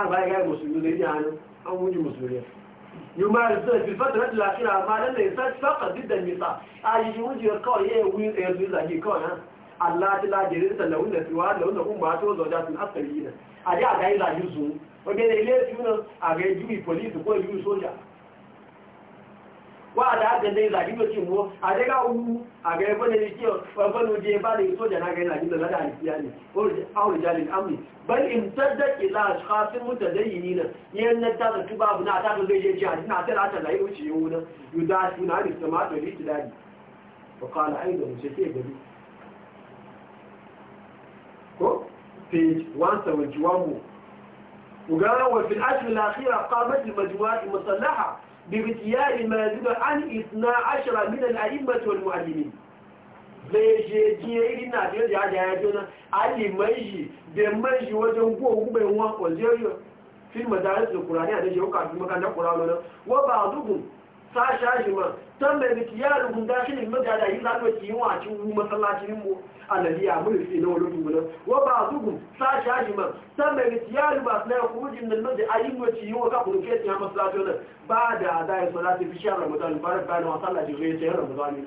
àgbàgbà mùsùlùmí lè ní àánú àwọn oúnjẹ mùsùlùmí yóò máa rí sọ ìfìfẹ́ tẹ̀lé tẹ̀lé àṣírí àmà lẹ́lẹ̀ ìfẹ́ sọ́kà dídẹ̀ mìta ayíyí oúnjẹ kọ́ yẹ wí ẹ̀rù ìlàjì kọ́ náà aláàtílá jẹrẹ tẹ̀lé òun lẹ̀sí wá lọ́nà fún màá tó lọ́jà tó láti tẹ̀lé yìí náà àdé àgbà ìlàjì zùn ọgẹ́dẹ̀ ilé ìfúnná àgẹ́jú ìpọ̀lì ìsìnkú ìlú sójà wáàdá àjẹ́lẹ́ ìlàjílò tí wọ́n àdẹ́gá owó àgẹ́gbọ́nẹ̀lẹ́ tí ọgbọ́nù jẹ bá lè sójà náà gẹ́rẹ́ ìlàjílò lọ́dá àìsíyàní àwòrìjálì àmì bẹ́ẹ̀ ìmtẹ́dẹ́ ìlà àṣíkáfí mútẹ̀dẹ́ yìí nínú yẹn nẹ́ta tuba abu náà tàbí lóye jẹ́ àdínà àtẹ́lá àtàlá yóò ṣe owó náà yóò dá aṣù náà lè sọmọ́ àtọ̀lẹ́ ìtìláyì ọ̀kọ́lá àìdọ̀ ṣe sí ìgbẹ̀lú ko page 171 وقال وفي الأشهر الأخيرة قامت المجموعات المسلحة ببتياء ما زد عن اثنا عشر من الأئمة والمعلمين zai je ina biyar da ya ya jona alimanshi da manshi wajen gogu bai wa algeria fil madaris da kurani a da shi hukar makanta kurani wa ba zugun sasha jima tan da miki ya rubun dakilin magana yi zaɓa ki yi wace wu masallacin mu a naliya mun fi na wani rubuna wa ba su gun sasha jima tan da miki ya ruba na ya kujin nan maji a yi wace yi waka kuma ke tiya masallacin nan ba da da ya salati fi shan ramadan ba da bayan wasan lajin zai sayar ramadan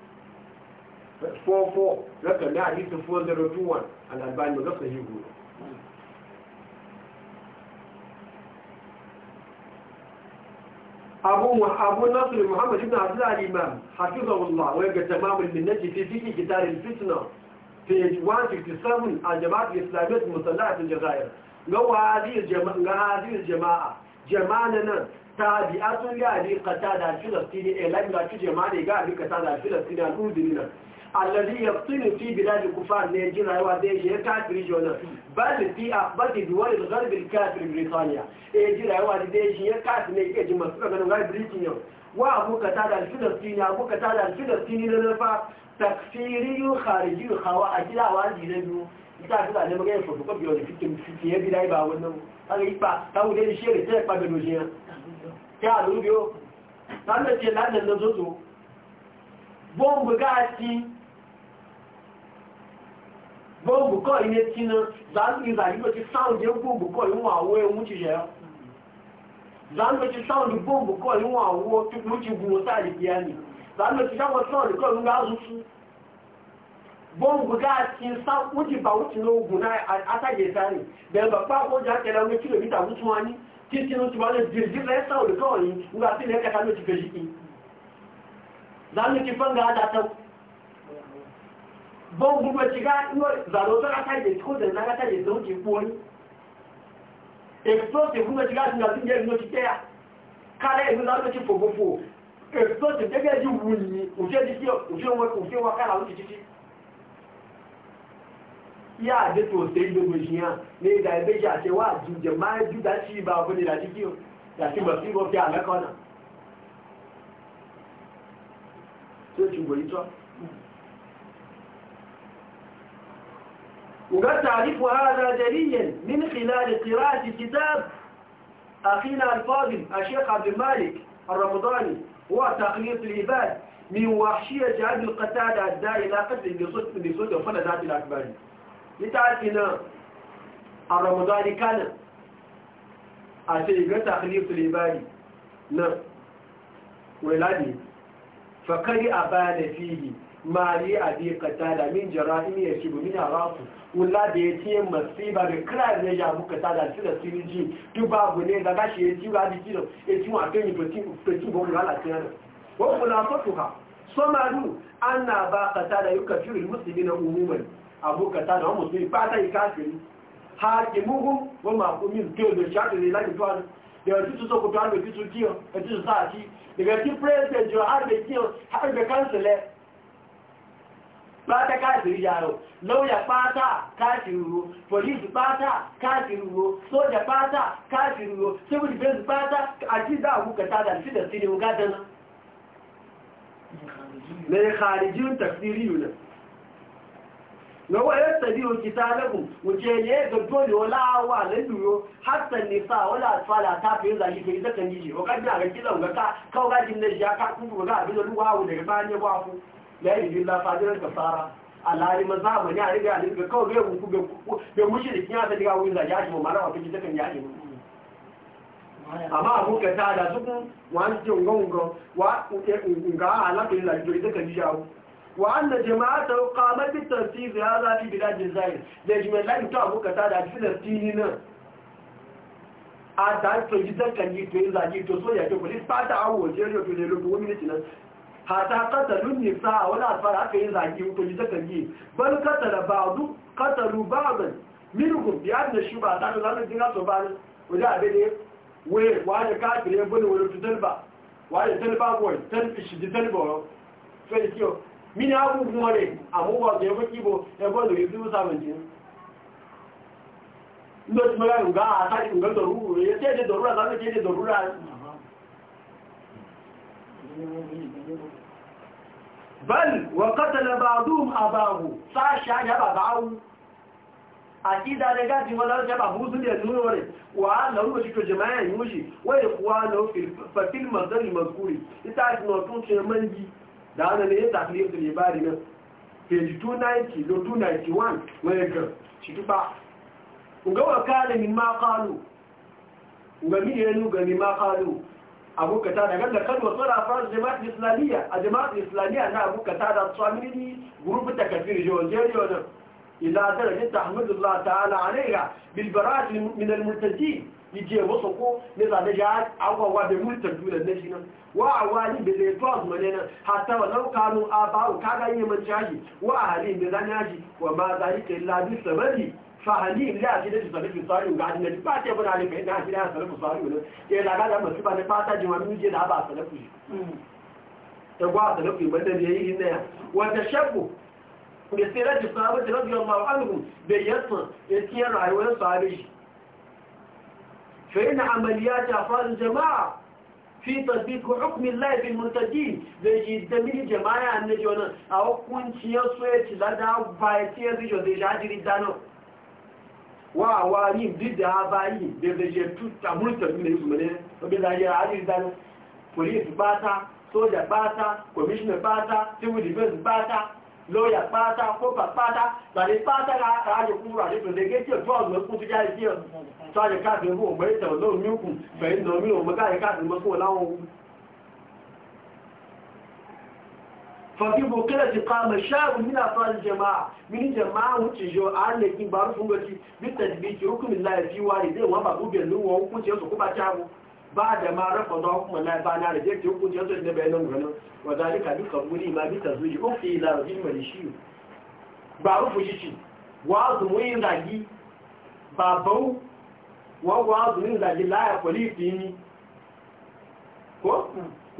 44 raka na hadisi 4021 al'albani ga sahihu abu abu nasir muhammad ibn abdul al-imam hafizahullah wa ga tamam al-minnati fi fiqh kitab al-fitna page 157 al-jama'at musallat al-jazair gawa hadhihi jama'a jama'a jama'a nan tabi'atun li ali qatada filastini e la bi la jama'a ga ali qatada filastini al-udrina alladhi yaqtinu fi bilad al-kufar ne jin rayuwa da yake kafiri jona bal fi akhbati duwal al-gharb al-kafir britaniya e jin rayuwa da yake ya kafiri ne yake jin masu ganin ga britaniya wa abu katada al-filistini abu katada al-filistini na nafa takfiri khariji khawa akila wa dinabu ita ta da ne ga foto ko biyo ne fitin bọ́ọ̀bù kọ́ iye tíná zanzibar yìí ló ti sáwùdì bọ́ọ̀bù kọ́ ìwọ̀n àwọ̀ ẹ̀hún ti yẹ zanzibar ti sáwùdì bọ́ọ̀bù kọ́ ìwọ̀n àwọ̀ tuntun ti gùn wọ́n sáàdì bíi ẹni zanzibar ti sáwọ́ sáwùdì kọ́ ìwọ̀n gáàzù tú bọ́ọ̀bù gáàtì sáwùdì ti bá wùtì náà gùn náà àtàgé sáré bẹ̀rẹ̀ bàbá àkójọ akẹ́lẹ́ ọmọ kìlómítà wùtù wọn ní títí ní tiwọn lè dìrì dìrì sáwùdì kọ́ yìí ń gbà sílẹ̀ kẹta ló ti gẹ̀yìn zanzibar ti fẹ́ ń gà bon gbogbo shiga ti teya kale ibu zaro ti fo fo explosive de ga ji wuni o je di ki o je wo ko fi wa kala o ti ti ya de to se gbogbo o da ti ba ti go fi ala kona ti go yi to وقد تعرف هذا دليلا من خلال قراءة كتاب أخينا الفاضل الشيخ عبد المالك الرمضاني وتقليد العباد من وحشية أبي القتادة أدى إلى قتل بصوت وفن ذات الأكبر لتعرف أن الرمضاني كان أتيجى تخليف العباد نعم ولدي فقد أبان فيه mari a bi qatada min jara'im yashibu min arafu wala da yace masiba da kira ne ya bu qatada shi da sinji duk babu ne da gashi yace ba bi kilo yace wa kan yi fati fati bon la kana wa kula fatuha samaru anna ba qatada yukafiru almuslimina umuman abu qatada wa muslimi fata ikafiri hakimuhum wa ma'qumin ke da shaka ne lati to da yanzu su sokoto har da kisu kiyo da kisu sa shi daga ki president jo har da kiyo har da pátá káàkiri yàrá lọ́wọ́yà pátá káàkiri wo pọ̀lísì pátá káàkiri wo sójà pátá káàkiri wo civil defense pátá àti ìdáàbò kẹta da sí da sílẹ̀ ọgá dáná lẹ́yìn kàrìjí ń tàfírí yìí lọ́wọ́ yóò tẹ̀lé òkè tálẹ́kùn òjè yẹ́ gẹ̀gbọ́nì ọláwà lẹ́dùró hàtẹ̀ nìfà ọlá àtúfàlà tàbí ìzàyíkẹ̀ ìzẹ́kẹ̀ níyì ọ̀gá jẹ́ àrẹ́kílẹ̀ ọ̀gá káwọ́gá jẹ́ ilẹ̀ ìyá ká kúrò rẹ̀ àbílẹ̀ olúwà àwọn ẹ̀rẹ́ bá ní ẹwà fún la yi la fadiran kasara alari maza ma ya riga ni ga kawai ga ku ga mushrikin ya daga wurin da ya shi mara wata ji takan ya shi amma abu ka ta da su wani ji ngon ngon wa ga alaƙin da ji takan ya وأن جماعة قامت بالتنفيذ هذا في بلاد الجزائر لجمع لا يتعبوا كتالا فلسطينينا àtàtò ìdíjẹ́ kẹjì tó ń zàjì tó sóyẹ̀ tó kò ní pátá àwọn òṣèrè òfin lè lóbi wọ́n mílítì náà hata katalu nisa a wani alfara aka yi zage hukumi ta kange bal katala ba'du katalu ba'dan minhum bi anna shuba ta da zan dinga so ba wajen abin ne we wani kafire bane wani tutalba wani talba boy talbishi di talba sai kiyo mini abubuwa ne abubuwa da ya fi kibo ya gwada ya zuwa samun jini ndo ti mara nga ata ti nga doruru ye te de dorura za te de dorura bal wa qatala ba'dhum abahu sasha ya babawu akida da gaji wala ya babu su da nuna ne wa la ruwa shiko jama'a yushi wa ikhwanu fil fil mazal mazkuri ita ji no tun ce manji da ana ne taklif da ibari nan page 290 do 291 wa ga shi abu kata da ganda kan wasu rafar jama'at islamiyya a jama'at islamiyya na abu da tsamini gurubin da kafir jiyo nan ila darajin tahmidullah ta'ala alaiha bil bara'at min al murtaji yije wasu ko ne za da ja agwawa da murtaju da shi nan wa awali da zai to azuma ne nan hatta wa law kanu aba'u kaga yin man jahi wa halin da zan yaji wa ma zalika illa bi sababi فهني لا جد جد صلب صاري وقاعد نجيب بعد يبون عليه فين ناس لا صلب صاري ولا كي لقى لما تبى نفاتا جوامي نجي لا بعد صلب فيه تبغى صلب فيه بدل يجي هنا وتشبه يصير جد صلب جد يوم ما عنه بيصل يصير رأي ولا صاري فإن عمليات أفراد الجماعة في تطبيق حكم الله في المنتجين زي جدمي جماعة أن جونا أو كنت يسوي تلا دا وبايتي أن جونا جاجري دانو wa wa ni bidda bayi da da je tutta murtadi ne yusu mene obe da ya ali dan police bata soja bata commissioner bata civil defense bata lawyer bata kopa bata da le bata ga ka de gete to ọgbọ́n ku ti de bo mo ite o lo mi ku fe o mo de mo ko fagi bukila ti kama sha'u min afal jama'a min jama'a wuce jo an ne kin baru fun gaci bi tadbiki hukumin la fi wali zai wa ba gubin lu wa hukunci su kuma ta mu ba da ma rafa da hukumin ba na da je hukunci su da bayanan gano wa zalika bi kabuli ma hmm. bi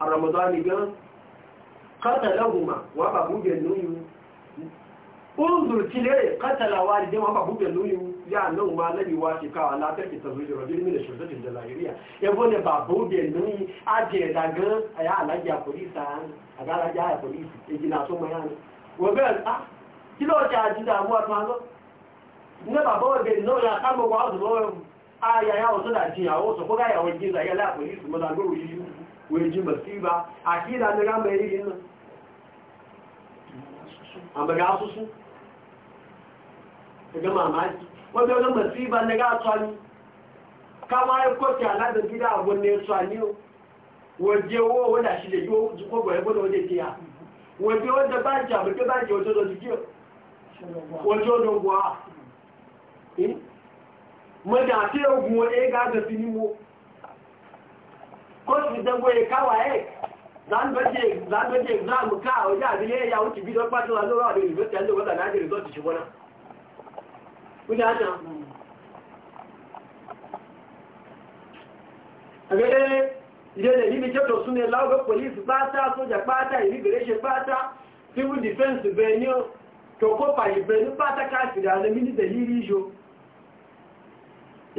a ramadani gan katalahuma wa ba buge nuyu unzur Kata katala walidin wa ba buge nuyu ya nan ma nabi wa shi kawa la tarki tazwij rajul min shirdatin jalairiya ya bone ba buge nuyu aje da gan aya alaja polisa aga alaja ya polisi ejina so mayan wa ga ah kilo ja ji da mu atma go ne ba buge nuyu ya kamo wa zo aya yawon suna ce yawon su kuka yawon giza ya lafari su maza goro yi wajen basi ba a kira na gama yi yin nan a maga su su daga mamaki wanda wajen basi ba na ga tsani kama ya kwafi a ladar gida a gwanne tsani waje wo wanda shi da yiwu kogo ya gwada wajen tiya waje wanda ba ji abu ke ba wajen da jikiyo wajen don guwa eh? mọ́jà tí ogun oye gáàgbẹ̀ fi nímo kó sì dẹ́gbọ́ ìkáwà ẹ̀ láńgbẹ́jẹ̀ exam káà ọjá àdílé ẹ̀yà ó ti bí lọ́pàá tó wà lórí àwọn ìrìnlẹ́ tẹ́lẹ̀ wọ́n tàbí àjẹ́ rìsọ́ọ̀tì ṣe wọ́nà ìdẹ́lẹ̀ níbi tí ó civil defense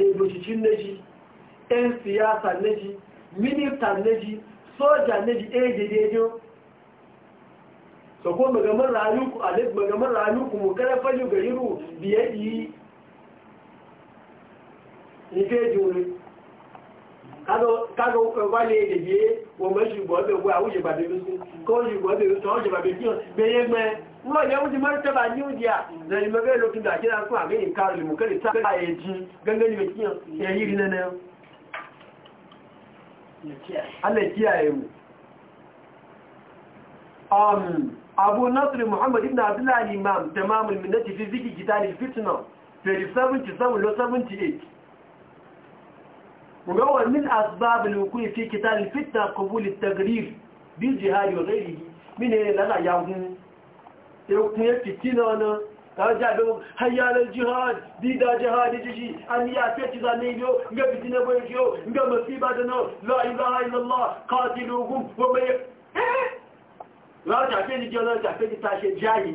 eboshishin neji, shi neji, siyasa na minista na soja neji, shi so ko magamar rayuku alif magamar rayuku mu kada fajo gariru biyadi ni fe jore kágo eh, wálé èdèyé wọ́n ṣùgbọ́n bẹ̀ wọ́n àwúṣe bàbẹ̀ lóṣù kó ṣùgbọ́n bẹ̀ lóṣù ọ̀ṣẹ̀ bàbẹ̀ kí bẹ̀yẹ mẹ́ wọ́n yẹ wọ́n ti mọ́rí tẹ́bà ní òdì à lẹ́yìn mẹ́fẹ́ lókun dà kíra fún àmì ìka olùmọ̀kẹ́lẹ̀ sáà èjì gẹ́gẹ́ ní mẹ́kíyàn èyí rí nẹ́nẹ́ alẹ́ kí àẹ̀wò um, abu nasir muhammad ibn abdullahi imam tamamul minnati fi zikir kitabul fitna 37 to 78 وهو من أسباب الوقوع في كتاب الفتنة قبول التقرير بالجهاد وغيره من هنا لغا يعودون يوقفون الفتنة أنا رجع بهم هيا للجهاد الجهاد ديدا جهاد جيشي أن يأتي ظنيبيو نقا فتنة بيشيو نقا مصيبة دنو لا إله إلا الله قاتلوكم ومن رجع إيه؟ فيه الجهاد رجع فيه التاشي جاهي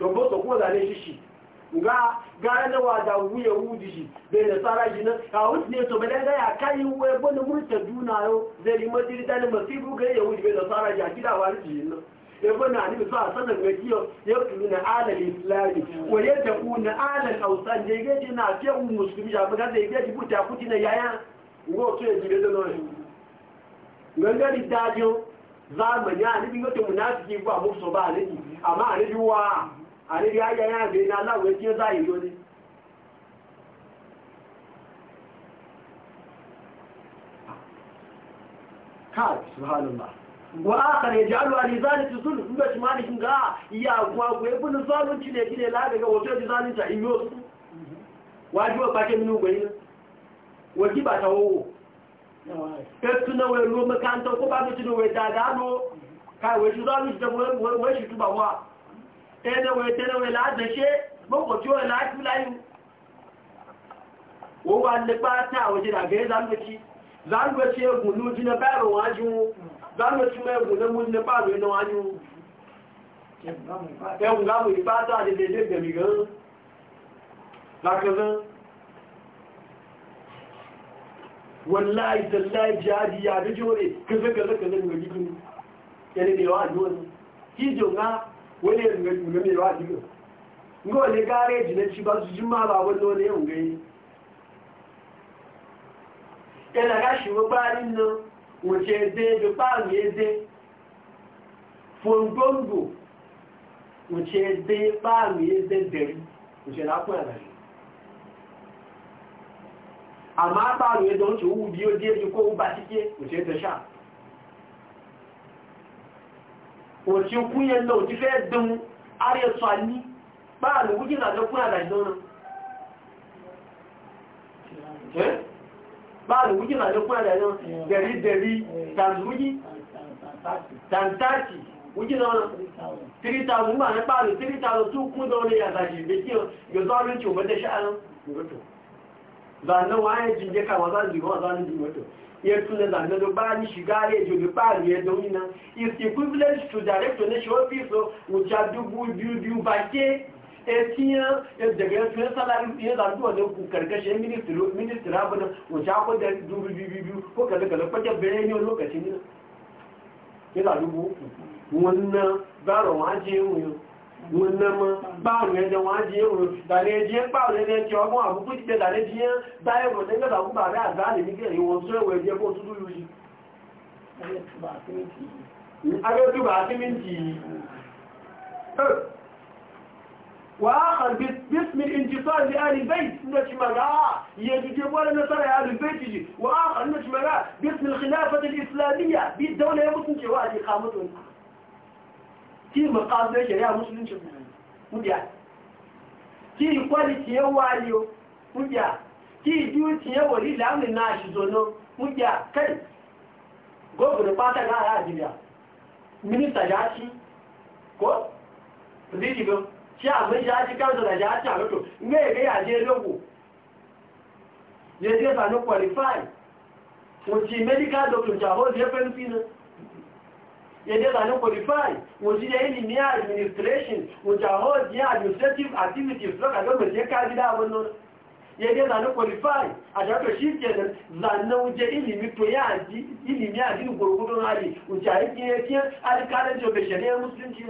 domin su kuma zane shi shi ga gara na wada wuya wudi shi bai da tsara shi na a wuce ne to bane ga ya kai wai bane murta duna yau zai yi majiri da masifu ga ya wudi bai da tsara shi a gida wa rufi nan ya e bane a nufi sa sanar ga kiyo ya tuni na alal islami wa na alal ausan da ya gaji na fiye ya yaya ngo to ya jibe da nan gangari dajin zamani a nufin ga to munafiki ba musu ba a àrírí ayẹyẹ àgbè ní aláwẹ̀ tí ó dáyé lónìí káàkiri ṣùhánùmá wa aka ne ji alu alizani su zulu kuma shi mani kin ga iya gwa gwe bin zalunci ne gine la daga wato ji zalunta in yo su wajibo ba ke minu gwe waki ba ta wowo tẹ́lẹ̀wẹ̀ tẹ́lẹ̀wẹ̀ láàdẹ̀ṣẹ́ gbọ́kọ̀ tí ó rẹ̀ láàájú láyú wọ́n wá nípa tí àwọn òṣèrè àgbẹ̀ zanúwẹ̀tí zanúwẹ̀tí egun ló jí nípa ẹ̀rọ wọn ajú zanúwẹ̀tí mẹ́gùn ló mú nípa rẹ̀ náà wájú ẹ̀hùn gáwò ìpá tó àdédé dé gbẹ̀mí gan lákẹ́lẹ́ wọ́n láì tẹ̀lá ìjẹ́ àdíyà àdéjọ́ rẹ̀ kẹfẹ́kẹfẹ́kẹfẹ́ wani yanzu ga juna mai wa jino ga wani gareji na ci ba su jima ba wani wani yau gai yana gashi wa barin nan wace ebe da barin ebe fongongo wace ebe barin ebe dari wace na kuma yana shi amma barin ebe wace wubi yau je ko ba cike wace ta sha òtí okún yẹn náà òtí fẹ́ dùn ààrẹ ẹ̀tọ́ àní báàlù wújí ìrìnàjò fún àdàjọ́ náà báàlù wújí ìrìnàjò fún àdàjọ́ dẹ̀rí dẹ̀rí tàǹtàǹtì tàǹtàǹtì wújí náà 3000 máa ní báàlù 3000 tún kún náà ní àdàjì ìgbésí yọ̀zọ́ tí ò mẹ́tẹ́ṣẹ́ ya tuna zane da ba ni shiga ya jobi ba ni ya dauni nan is equivalent to direct donation office wuce dubu biyu e e e biyu ba ke daga ya da yau wọn náà mọ́ báwọn ẹ̀jẹ̀ wọn á jí èrò ìdàlẹ̀ ẹ̀jẹ̀ báwọn ẹ̀jẹ̀ ti ọgbọ́n àbúkú ti tẹ̀dàlẹ̀ jí ẹ́ báyẹ̀ bọ̀ tẹ́gbẹ̀dà fún bàbá àgbáàlè ní kẹrin wọn tó ẹ̀wọ̀ ẹ̀jẹ̀ fún tútù yìí agbẹ́tùbà símìntì wà á kàn bísmì ìjìfà ní alìbẹ́ìt ní ti mara yẹ jíjẹ wọ́n na sára alìbẹ́ìt wà á kàn ní ti mara bísmì ìlàfẹ́ islamiyya bí dáwọn ya mutuncewa a jẹ́ kamutun kí mọ̀kánú ṣẹ̀rẹ́ àmúṣúlùmí múdíà kí ìkọ́lì tí ó wá ní múdíà kí ìdí tí ó wò ní ìlànà náà ṣùgbọ́n múdíà kẹ́rì gómìnà pátá láàrá àjíríà mínísítà yá kó rídìgbò tí àwọn ìṣẹ́ àti káńsọ̀lá ní èdè àjẹ́ lóko yadda zanen qualify wajen ya ilimi ya administration wajen hold ya administrative activities local government ya kaji da abin nan yadda zanen qualify a shafi shi ke nan zanen wajen ilimi to ya ji ilimi ya ji gurgudun hali wajen aiki ne fiye alkalin jobe shari'ar musulunci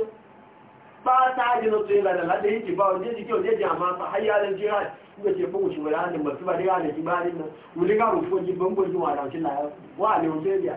ba ta haji na tsoye da lalata yake ba wajen jike wajen ji amma ta hayya da jihar inda ke fun wuce wani hannun masu ba da yana kibarin nan wuli ga rufo jibin gwajin wa da wajen layar wa ne wajen biya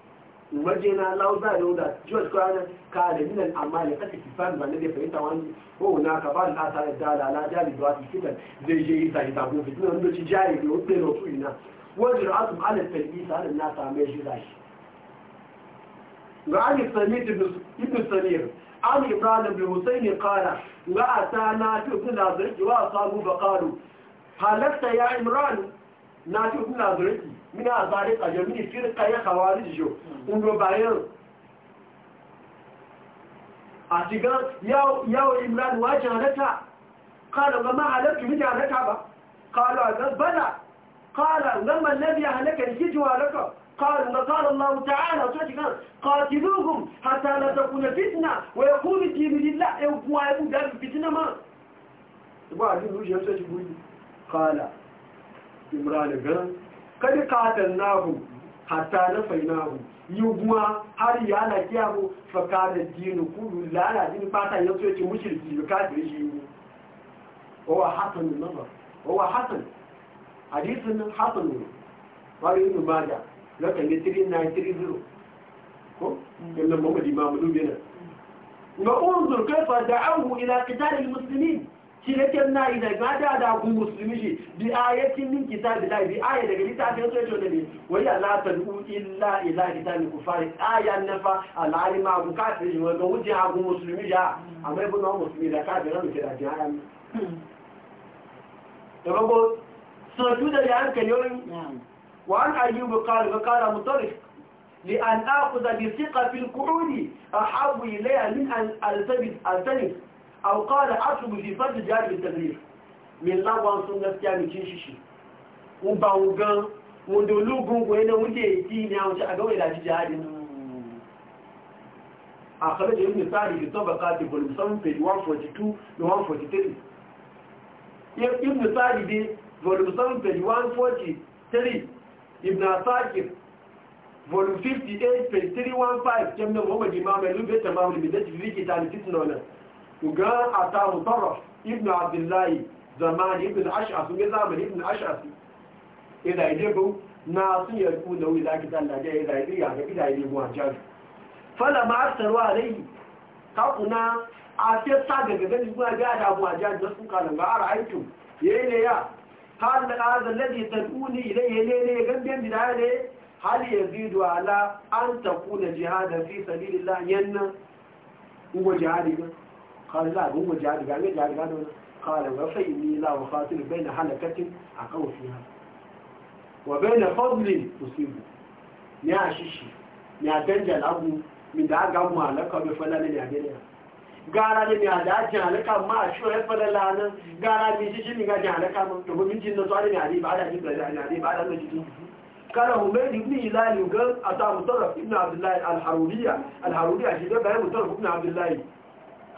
مرجينا الله وزاد وذا جوز كان كان من الأعمال قد تفهم ما نبي فهمت وان هو هناك بعض الناس على الدال على جال الدوات كذا زي جي إذا يتابعوا في دون دوت جاي بيوت بيروت وينا وجر عظم على التلبيس على الناس على مجلس وعلى سميت ابن سمير عن إبراهيم بن حسين قال وأتانا في ابن الأزرق وأصابوا فقالوا هلكت يا عمران ناتي ابن الأزرق من أزاريقا جو من فرقة يا خوارج جو ونرو بايل أتقال ياو ياو إمران لتا قال وما علمت من جهنتا با قال أقال بلا قال لما الذي أهلك يجوا لك قال قال الله تعالى قاتلوهم حتى لا تكون فتنة ويقول الدين لله يوقوا إيه، يبو دار فتنة ما يبقى عزيز وجه قال إمران قال kari katon nahu hatta na fainahu yi guma har yi ana kiyamu faka da dinu kudu lana jini fata ya so yake mushirki bi kafin shi yi wawa hasan nazar wawa hasan hadisin hasan ne wani yin maja zaka ne 3930 ko yannan mm. mamadi mamudu biyana ga unzur kaifa da'awu ila qitalil muslimin shi na kyan na ina ga da da ku musulmi shi bi ayatin min kitabi la bi aya daga littafin sai to ne wai Allah ta du illa ila kitabi kufari aya nafa al alima ku ka fi wa ga wuce ha ku musulmi ja amma ibn musulmi da ka da mu da jihar da bago so tu da ya hankali yoyin wa an ayyubu qala qala mutarif لأن آخذ بثقة في القعود أحب إليها من أن ألتبس ألتبس aw qala atubu fi da jari tadrif min lawan sun gaskiya mi cin shishi un ba un un do lugun ko wuce yi ne a wuce a ga wai da jihadi a kare da ibn sari fi tabaqati bul musam page 142 da 143 ibn sari bi volume 7 page 143 ibn asakir volume 58 page 315 kemna muhammad imam al-lubi tamam limitati fi kitab al ugan ata mutarraf ibn abdullahi zamani ibn ash'a sun yi zamani ibn ash'a su idan ide bu na sun yi ku da wuri zaki dan laje idan ide ga idan ide bu an jaju fala ma aktaru alayhi ka kuna a ce sa ga ga ni kuna ga da bu an jaju su kalan ga ara aitu yayi ne ya hal da hadha alladhi tad'uni ilayhi ne ne ga ben da ne hal yazidu ala an takuna jihadan fi sabilillah yanna ugo jihadi ga قال لا هو جاد قال لي جاد قال قال وفيني لا أقاتل بين حلقة أقو فيها وبين فضل أصيب يا شيشي يا دنجل أبو من دعا قام معلقة بفلان يا جنيه gara ne mai dajin halaka ma a shi wani fadar lanar gara mai shi shi ne gajin halaka ma da kuma jin na tsari ne a ne ba a dajin da ne a ne ba a dajin jikin kana humai ibn ilali gan a ta mutarraf ibn abdullahi alharuriya alharuriya shi zai bayan mutarraf ibn abdullahi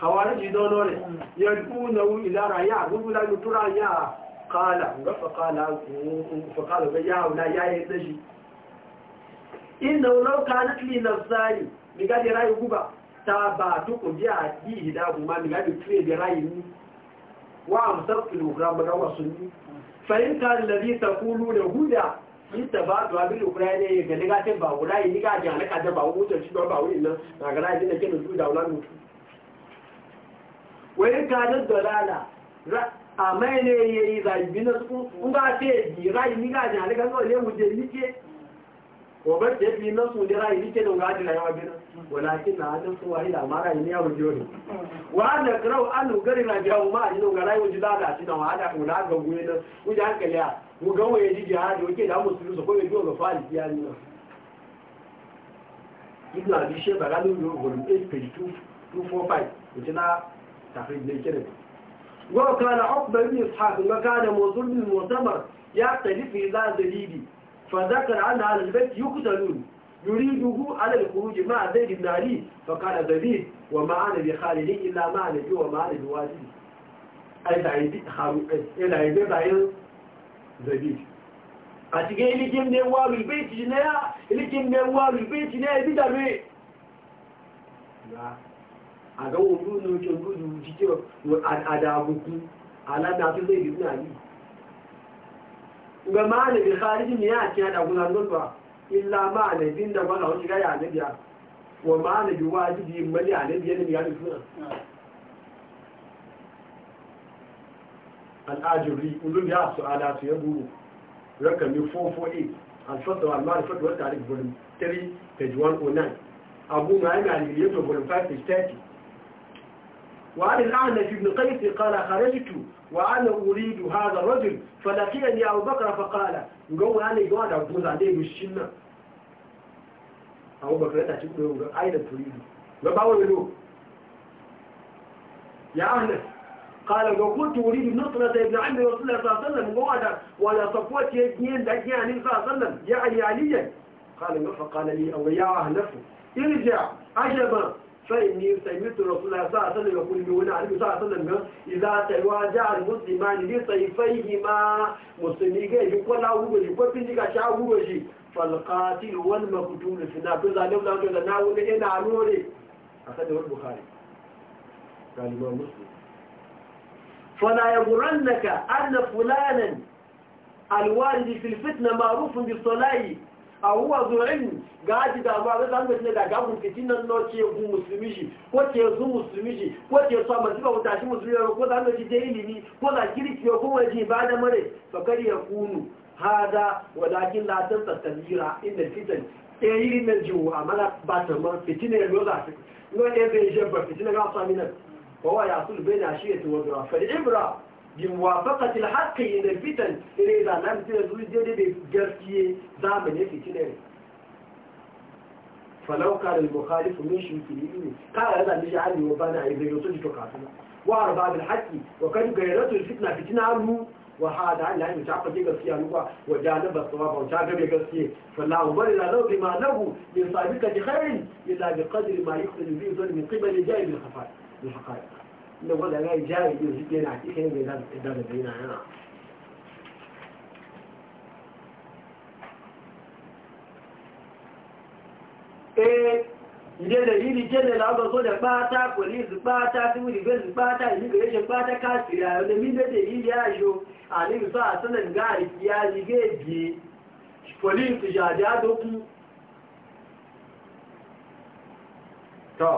kawara ji dono ne ya duna wu ilara ya gudu la mutura ya kala ga fa kala fa kala ga ya wala ya yi dashi inna law kanat li nafsani mi ga rai guba ta ba to ko ya di hida kuma mi ga di tre da rai ni wa amsar kilogram ga wasu ni fa in ka alladhi taqulu la huda ita ba to abin ukraine ya ga daga ba guda yi ga jan da ba wuce shi ba ba wuce nan ga rai da ke da su da wala mutu wani kanar dalala a mai ne ya yi rayu na su in ba ta yi bi ni gaji a nika zuwa ne wuje nike wabar ta fi na su da rayu nike da gaji rayuwa bina walakin na hannun su wani da ma rayu ne ya wuje wani wa da kirau anu gari na biya ma a yi nunga rayu wuje lada shi na wada wula ga gure na wuje hankali a wugan waye ji jihadi ha da musulun su kawai biyo ga fali biya ni na. Ibn Abi Sheba Galu Yoruba 8 page 245 which is now تحريج ليه كده وكان عقبة بن إسحاق وكان موصول بالمؤتمر يختلف إذا دليلي فذكر عنها على البيت يقتلون يريده على الخروج مع زيد بن علي فقال زبيد وما أنا بخالد إلا ما أنا بي وما أنا بوالدي أي زعيد بعين زبيد أتجي لكم نوار البيت جنايا لكم نوار البيت جنايا بدأ لا àgọ́ òfin ní a olóòlù jíjẹ́ àdàbùkú aládàtúndé zai náà yìí ga ma da khariji ya kiya da gudan gulba illa ma da din da wala wani ga ya nabiya wa ma bi wajibi mali a nabiya ya da suna al-ajuri ulul su su'ala su ya buru rakami 448 al al-ma'rifat wa tarikh 3 page 109 abu ma'ani al-yato volume 5 page 30 وعن الأعلى في ابن قيس قال خرجت وأنا أريد هذا الرجل فلقيني أبو بكر فقال نقول أنا يقول أبو بكر عليه بالشنة أبو بكر لا تقول أين تريد وباول له يا أهل قال وكنت أريد نصرة ابن عمي رسول الله صلى الله عليه وسلم ولا صفوت يجنين دجني عن صلى الله عليه وسلم يعني عليا قال فقال لي أو يا أهل ارجع عجبا فإني سمعت الرسول صلى الله عليه وسلم يقول بيقول عليه الصلاة والسلام إذا تواجع المسلمان لسيفيهما مسلمين يقول لا هو يقول بينك شاء هو شيء فالقاتل والمقتول في النار بذا لو لا تقول أنا ولا أنا عروري أخذه البخاري قال الإمام مسلم فلا يغرنك أن فلانا الوالد في الفتنة معروف بالصلاة a zuwa zurin ga ji da ba ga san da ne da gabun fitin nan no ce gu musulmi shi ko ce zu musulmi shi ko ce so ba zuba wuta shi musulmi ko da ne ji ilimi ko da kirki ko waje ibada mare fa kar ya kunu hada walakin la tatasira inda fitan ɗaya eh, yi ne a mana ba ta ma fitin ya zo da shi ɗaya ne bai je ba fitin ga sa minan wa ya sul bai na shi ya tuwa zuwa fa ibra بموافقة الحق إلى الفتن إلى إذا لم تنزل جديد بجرسية زامن يفتنه فلو كان المخالف من شيء قال هذا مش عالي وبانا إذا يوصل تقاتنا وأرباب الحق وكان غيرته الفتنة فتنة عنه وهذا عن لأنه تعقد يقصي عنه وجانب الصواب وتعقب يقصي فلا أبرر له بما له من صادقة خير إلا بقدر ما يخرج به ظلم من قبل جائب الخفاء الحقائق inda ko daga ja ido shi na cikin mai za su da bai na yana ilé da yìí jẹ́lẹ̀ láwọn sójà pátá pòlíìsì pátá síwìlì fẹ́sì pátá ìlúgbẹ̀ẹ́ṣẹ́ pátá káàkiri àwọn onímẹ́tẹ̀ yìí aṣọ àníbìsọ́ àtúnlẹ̀ gáàrí kí á rí géègì pòlíìsì ṣàjá tó kú tọ́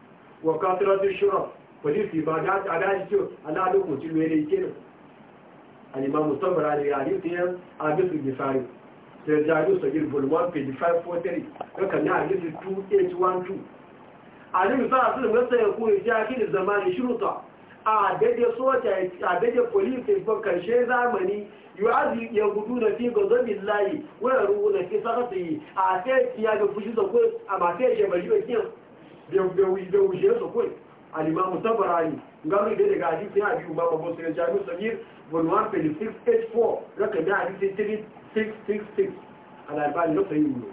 wa kasratu shurab pẹ̀lú ìfìbàdá adájíjò alálòkò tí wẹ́rẹ́ ikẹ́ nù alìmọ̀mù tọ́bọ̀rọ̀ alẹ́ àríkìyàn agbésù gbèsàrí tẹ̀lẹ̀dàgbé sọ̀gẹ́ vol 1 page 543 rẹ̀kàn ní àgbésù 2812 alìmọ̀sá àtúnlẹ̀ mẹ́sẹ̀ ẹ̀kú ìjẹ́ akíni zamani ṣúrùtọ̀ àdẹ́dẹ́ sọ́jà àdẹ́dẹ́ pọ̀lífẹ̀ ìfọ́n karshe zamani ya gudu na fi ga zobi layi wẹ́rù na fi sakasa yi a fẹ́ ti ya ga fushi da kwai a bai wuce su kai alimamu tabarani gano da daga hadisi ya biyu ba babban sai jami'u samir volume 684 raka da hadisi 3666 al'albani na sayi ne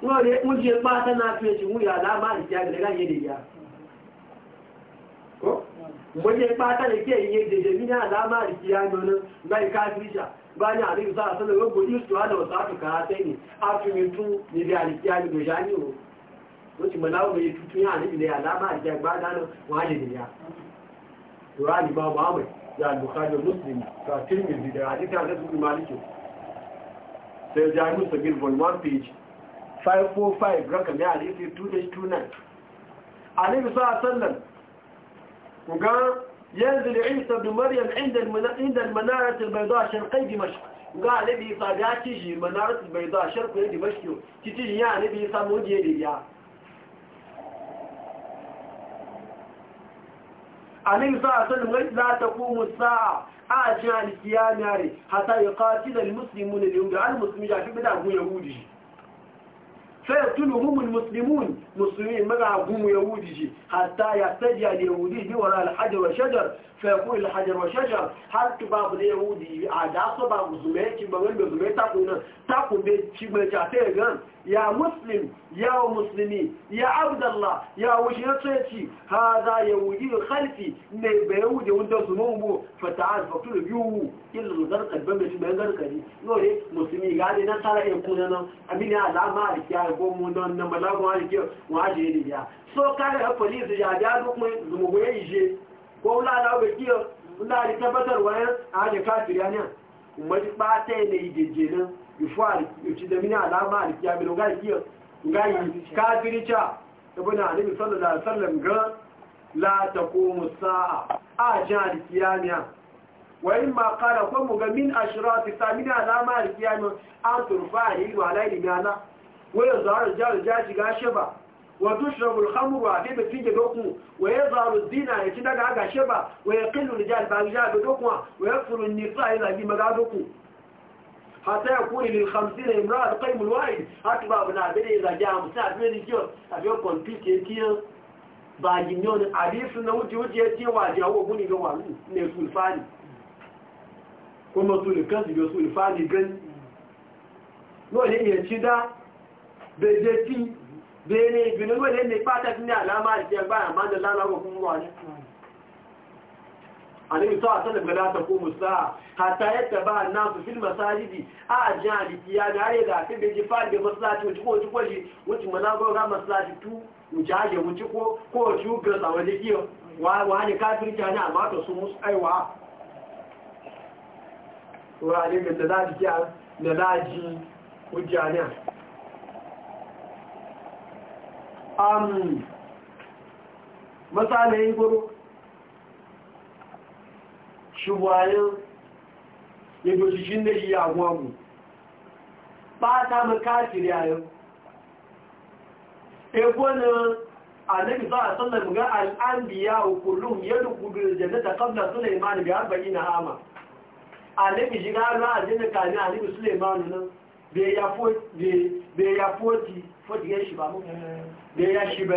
wọ́n rẹ̀ ń jẹ pátá náà fi ẹ̀ṣìn wúyà aláàmáàlì tí a gẹ̀rẹ̀ láyé lè yá mọ́ jẹ pátá lè kí ẹ̀yẹ dèdè ní aláàmáàlì tí a nọ náà láìká àfíríṣà bani a rikin sa'a sanar rabu istuwa da wasu aka karata ne a tu ne da alikiya ne da jani o wacce malawa mai tutu ya alibi da ya alama a jiya ba dana wani da ya turani ba muhammad da al-bukhari muslim ta tirmidhi da hadisi a gasu maliki sai jami musagir vol one page 545 raka mai hadisi 2-29 alibi sa'a sallar ku ga ينزل عيسى بن مريم عند عند المنارة البيضاء شرقي دمشق قال لي عيسى يا تجي المنارة البيضاء شرقي دمشق تجي يا نبي عيسى موجي لي يا عليه صلى الله عليه لا تقوم الساعة أجعل كياناري حتى يقاتل المسلمون اليهود المسلمين في بدأ يهودي فيقتلهم المسلمون مسلمين ما ملعبهم يهودي حتى يستجع اليهودي دي وراء الحجر والشجر فيقول الحجر والشجر هل تباب اليهودي عداصة باب زميتي مغلب زميتي تقول تقول بيتي مجاتي يا مسلم يا مسلمي يا عبد الله يا وجهتي هذا يوجد خلفي ما بيود وانت سمومو فتعال فقتل بيو إلا الغرق البمج ما غرق لي نوري مسلمي قال لنا ترى يكون أنا أمين على مالك يا قوم ودون نملا مالك وعجي لي سو قال البوليس يا جادوك زمو يجي قولا لا بكيو لا لتبتر وين هذا كافر يعني وما تبعتين يجي جنان yufuwar yuci da mini alama alkiya mai ga iya ga yi kafirica ibi na alibi sallallahu alaihi wasallam ga la ta sa'a a jin alkiyamiya wa in ma kara ko mu ga min ashirati ta mini alama alkiyamiya an turfa a yi wa alayi gana wani zuwa jihar jaji gashe ba وتشرب الخمر وعبيب الفجة بكم ويظهر الزنا يتدقى عقا شبا ويقل رجال بأجاب بكم ويكفر النساء إذا بمقابكم حتى يكون للخمسين امرأة قيم الواحد أكبر من عبد إذا جاء مساعد من الجيون أبيو كونتيك يكيو باجنيون عديث نوتي وتي يتي واجه هو بني جوال نسول فاني كما تقول كذب يسول فاني جن نو لين بجتي بيني بيني ولين نباتك نعلامات يبقى ما نلالا وكم وانا annabi sa sallam ga lata ko musa hatta yadda ba nasu fil masajidi a jali kiya ga re da kin ji fa da masallaci wuce ko ko ji wuce mana go ga masallaci tu wuce haje wuce ko ko ju ga sawa da kiyo wa wa ne kafir ta ne amma to su musu aiwa wa ne ga da zaji kiya da zaji hujja ne am masalai guru ṣùgbọ́n yẹgbẹ̀ òṣìṣí ní ṣe ya ọmọ pátá mọ́ káàkiri ayọ́ ẹgbọ́ na annabi za a sallar mu ga al'ambiya hukulun yadda kudu da jannata kabla suleimanu ga arba'in na hama annabi shiga ruwa a jannata kami annabi suleimanu nan bai ya 40 shi ba mu bai ya shi ba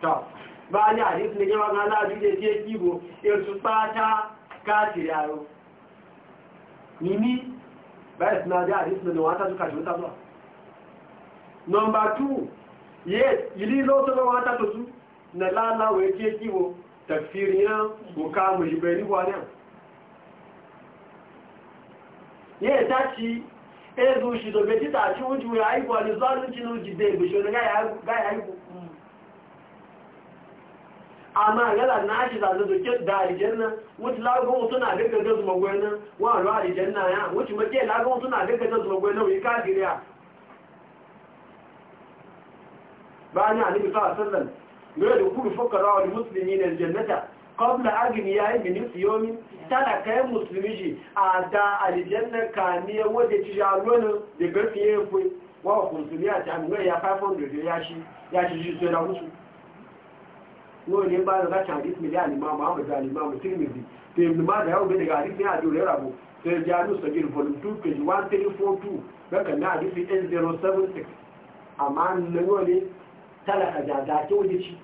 ta ba ni àdíkù ní jẹ́wà náà láàrídẹ̀ tí é kíbò ètù pátá káàkiri àrò nìní báyìí tí náà jẹ́ àdíkù ní wọ́n tàbí kàjú tàbí nọmbà 2 yes ilé lọ́tọ́lọ́ wọ́n tàbí tú na láàláwẹ̀ tí é kíbò tàfíìrì náà kò ká mọ̀ ìbẹ̀ níwọ̀ náà yẹ́ tàbí ezu shi dobe títà tí ó ju àìbò àlùzọ́lù tí ó jìdẹ̀ ìgbèṣọ́ gáyà àìbò amma gala na shi zazu duke da aljanna wuce lagun suna duka da zuma gwena wa ruwa aljanna ya wuce make lagun suna duka da zuma gwena wai kafiriya bayan annabi sallallahu alaihi wasallam yau da kullu fuqara wal muslimin aljannata qabla agniya min yawmin talaka muslimi ji ada aljanna kaniya waje ci jalona da gafiye ku wa kunsuliya ta mu ya 500 ya shi ya shi sai da musu no ne ba da rashin hadis mai da limamu ahmad da limamu tirmidhi to ibn majah ya ubi daga hadis ne a jure rabu sai jami'u sagir volume 2 page 1342 rakan na hadis 8076 amma nan ne talaka da da ke wuce ci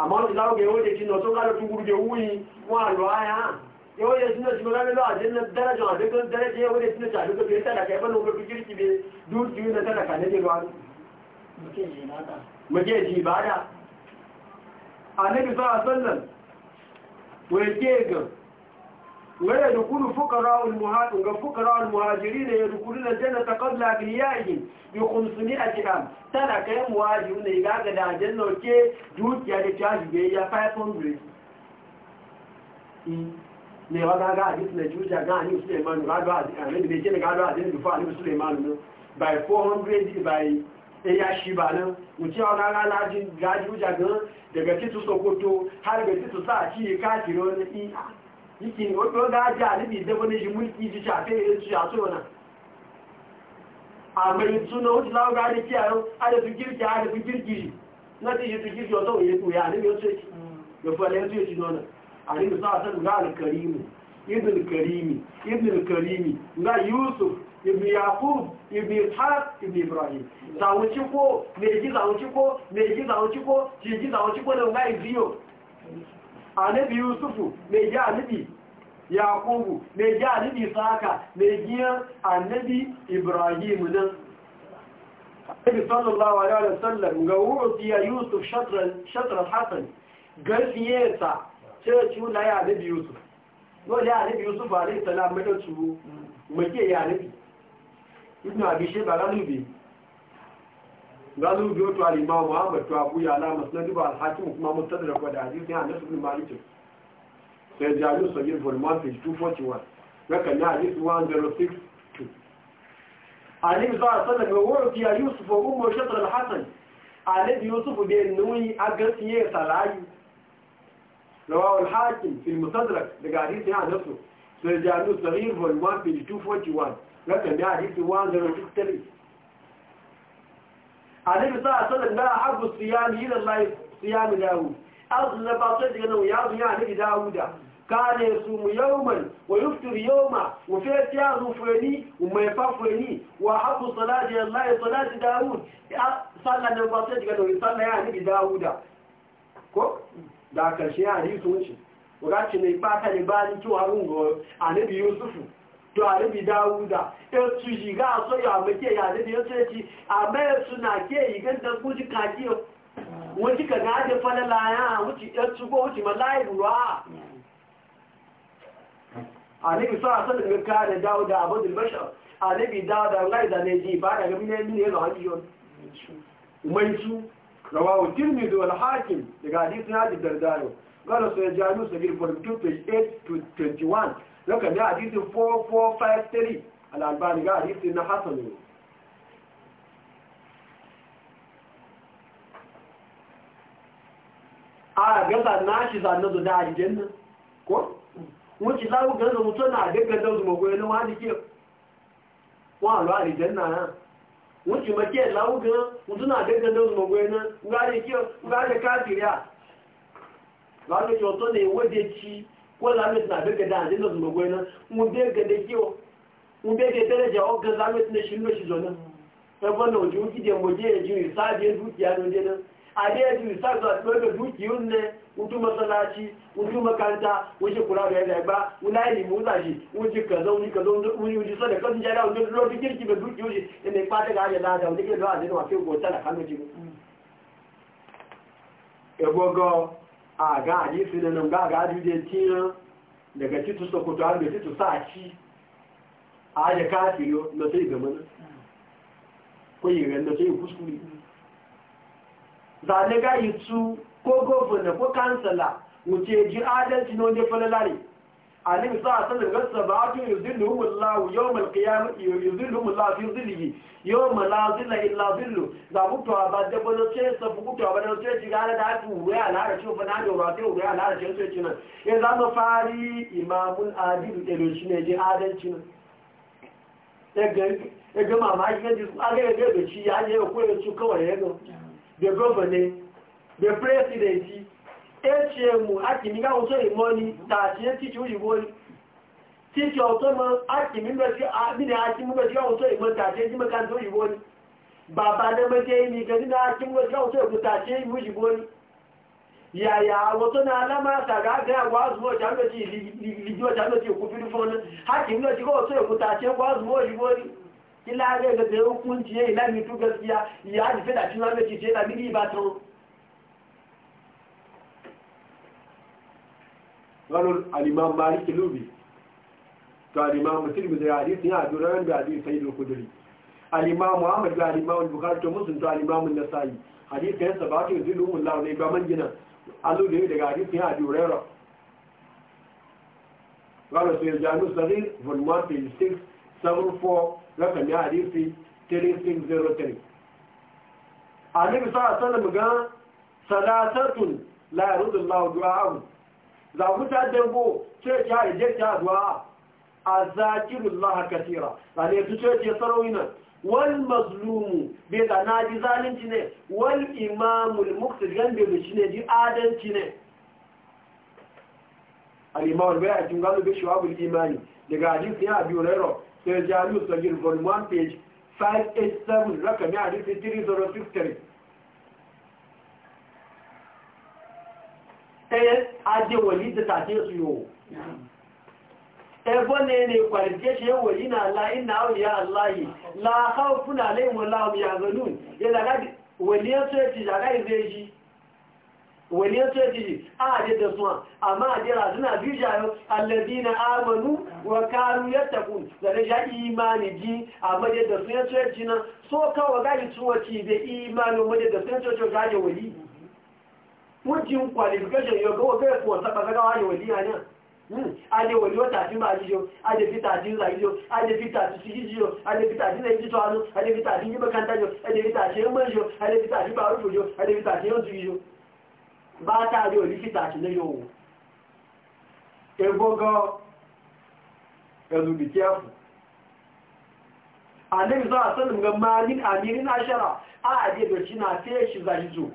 àmọ́ ìlàógẹ̀ ó lè kínà tó gálò tó gúrú jẹ wúyí wọ́n àlọ́ ayá yóò yẹ sínú ìsinmi lábẹ́lọ́ àdínà dárájọ àdínkọ́ dárájẹ́ ó lè sínú ìsàdínkọ́ bí tàdàkà ẹgbẹ́ lóògbé fi kíríkì bí dúdú ní tàdàkà lẹ́jẹ̀ lọ́wọ́ méjèèjì ìbádà annabi sa sallan wake ga waya da kudu fukara al-muhajir ga fukara al-muhajiri ne ya dukuri na jannata qabla biyahin bi 500 tana kai muhajiri ne ga ga da janna ke dukiya da ta shige ya 500 eh, ne wa ga ga hadis juja ga ani Sulaiman ga ga hadis ne ne ga ga hadis ne bi fa ani Sulaiman by 400 by e ya shi ba nan wuce wa rana lajin gaji wuja gan daga titu sokoto har ga titu sa shi ka kiro na iya yake ne wato da ji alibi da wani shi mulki shi shafe ya ci a tsona a mai suna wuce lawa ga alibi kiyayen alibi girki alibi girki na ti yi fi girki wata wuye tuya alibi ya ce ya fara ya ce shi nona alibi sa san ga alkarimi ibn karimi ibn karimi ga yusuf ibn yaqub Ibi ishaq Ibi ibrahim zawon ciko meji zawon ciko meji zawon ciko jiji zawon ciko da ngai biyo anabi yusufu meji anabi yaqubu meji anabi saka meji anabi ibrahim nan Nabi sallallahu alaihi wa sallam ga wurtiya Yusuf shatran shatran Hasan gafiyeta ce ci wala ya Nabi Yusuf wala ya Nabi Yusuf alaihi salam madan su make ya Nabi ibn abishe ba galubi galubi wato alimamu ahmad to abuya alamar sunan ba alhakim kuma mutar da kwada hadisun ya nasu bin malikin sai jami'in sabir voluman page 241 rakan na hadisun 106 alim za a sanar ga warki ya yusuf wa umar shatar alhassan alif yusuf da nuni a gasiye salayi rawawar hakim fil mutadrak daga hadisun ya nasu sai jami'in sabir voluman page 241 rakan da hadisi wanda ya duk tare alibi sa a sanar da abu siyami yi lallai siyami dawu an su zafa sai daga nan ya zuya a nufi dawu da kane su mu yawman wa yuftur yawma wa fi ya zu fureni wa mai fa fureni wa ya lallai salati dawu ya sallan da fasai daga nan ya sallan ya nufi dawu da ko da karshe ya hadisi wuce wadacin da ya ba ta ne bayan kyau harin a nufi yusufu to a rabi dawuda ya su shiga a so ya mace ya da ya so ci a mayar suna ke yi gan gandan kuji kaki wuci ka gaje falala ya wuci ya su ko wuci ma layi ruwa a rabi sa a sanar ka da dawuda a bazil bashar a rabi dawuda ngai da ne ji ba da gami ne mini yana hajji yon mai su rawa ne tirmidhi wal hakim daga hadisi na ji dardayo gara su ya jami'u sabir 42 page 8 to 21 lọ́kàn ní àdísì 4453 alàgbàní gá àdísì na hassan ni a gaza na shi zanen da ajiyen nan ko? wọ́n ti láwọ́ gan lọ tó náà àdẹ́gbẹ̀dẹ́ òsùmọ̀gbọ̀ ẹni wọ́n á ní kí wọ́n àlọ́ àrìjẹ́ náà wọ́n ti mọ̀ kí ẹ̀ láwọ́ gan wọ́n tó náà àdẹ́gbẹ̀dẹ́ òsùmọ̀gbọ̀ ko zamet na bai gada ajin da su magwai nan mu bai gada kiwo mu bai gada o ga zamet na shi lo shi zo nan sai wanda wuce wuki da mu je ji sa je dukiya nan je nan a je ji sa za to da dukiyun ne wutu masalaci wutu makanta wuce kula da yadda ba wula ne mu za shi wuce kaza wuce kaza wuce wuce kwa kan jara wuce lo kirki da dukiyoyi wuce da ne fata ga ajin da da wuce da ajin wa sai go tala kan wuce ebogo a ga hadisi na nan ga ga hadisi na daga titu sokoto har da titu saci a ya kafiro na sai gama na ko yi ran na sai kuskure zane ga yi su ko gofina ko kansala wuce ji adalci na wajen falalari annabi sa a sanar gasa ba tun yuzilluhum Allah yawmal qiyamah yuzilluhum Allah fi zillihi yawma la zilla illa zillu da mutu ba da bolo ce sa mutu ba da ce jigara da tu ya la da na da ba tu ya da ce ce cinan ya za fari imamul adil da ne shine je adalci nan ya ga ya ga mama ji ga ya ga ci ya je ko ya su kawai ya ga governor the president hm akimi gáwọn tó ìmọ́ ni tààtí ní títí òyìnbó ni títí ọ̀tọ́ mọ́ akimi mẹ́sí àti mẹ́sí gáwọn tó ìmọ́ tààtí ní mẹ́ka tó òyìnbó ni bàbá dẹ́mẹ́jẹ́ ìmì gẹ̀ẹ́ nínú akimi mẹ́sí gáwọn tó ìmọ́ tààtí ní òyìnbó ni yàyà àwọn tó ní alámàtàgà gẹ́ àwọn azùmọ́ ìjà lóti ìlú ọjà lóti òkú fírí fọ́nà hákì ní ọjọ́ ọ̀tọ́ ìkúta tí ó wọ́n azùmọ́ òyìnbó ní ilá rẹ̀ gẹ̀gẹ̀ okùn tí é ìlànà ìtúgẹ̀ sí ya ìyá àdìfẹ́dà tí wọ́n mẹ́tì tí é tàbí ní ìbátan قالوا الإمام مالك اللوبي قال الإمام مسلم الترمذي حديث يا دوران بحديث سيد الخدري الإمام محمد قال الإمام البخاري ومسلم انت الإمام النسائي حديث يا سبات يذلهم الله ونبي من جنا قالوا لي ده حديث يا دوران قالوا سيد في الصغير فولمان 674 رقم يا حديث 3603 النبي صلى الله عليه وسلم قال ثلاثة لا يرد الله دعاءه zabuta dango ce ya ije ta du'a azakirullah kathira zane su ce ce sarawi nan wal mazlumu bai da na ji zalunci ne wal imamul muktir gan bai shi ne ji adalci ne al-imamul bai a cikin gano bai shawabul imani daga hadisi ya abi rairo sai jami'u sagir volume 1 page 587 rakami hadisi 3063 ɗaya aje wali da tafe su yiwu ẹgbọ́n ne ne kwalifikashin wali na Allah inna auliya Allahi la khawfun alaihim wa lahum yahzanun ya daga wali ya tsaye ci daga ize shi wali ya ci a aje da suna amma a jira suna bijayo allazina amanu wa kanu yattaqun da ja imani ji a da su ya tsaye ci so kawo gaji tuwa ci imani mu da su ya ci gaje wali mutum qualification yau ga hmm. wata yau wata ba gagawa ne waliya nan ade wali wata fi ma jijo ade fi ta jin zai jo ade fi ta ci jijo ade fi ta jin zai jito hannu ade fi ta jin jiba kanta jo ade fi ta ce man jo ade fi ta ji ba rufu jo ade fi ta ce yau jijo ba ta ade wali fi ta ci na yau egogo yanzu bi kefu annabi sallallahu alaihi wasallam ga malin amirin ashara a ade da shi na sai shi zai zo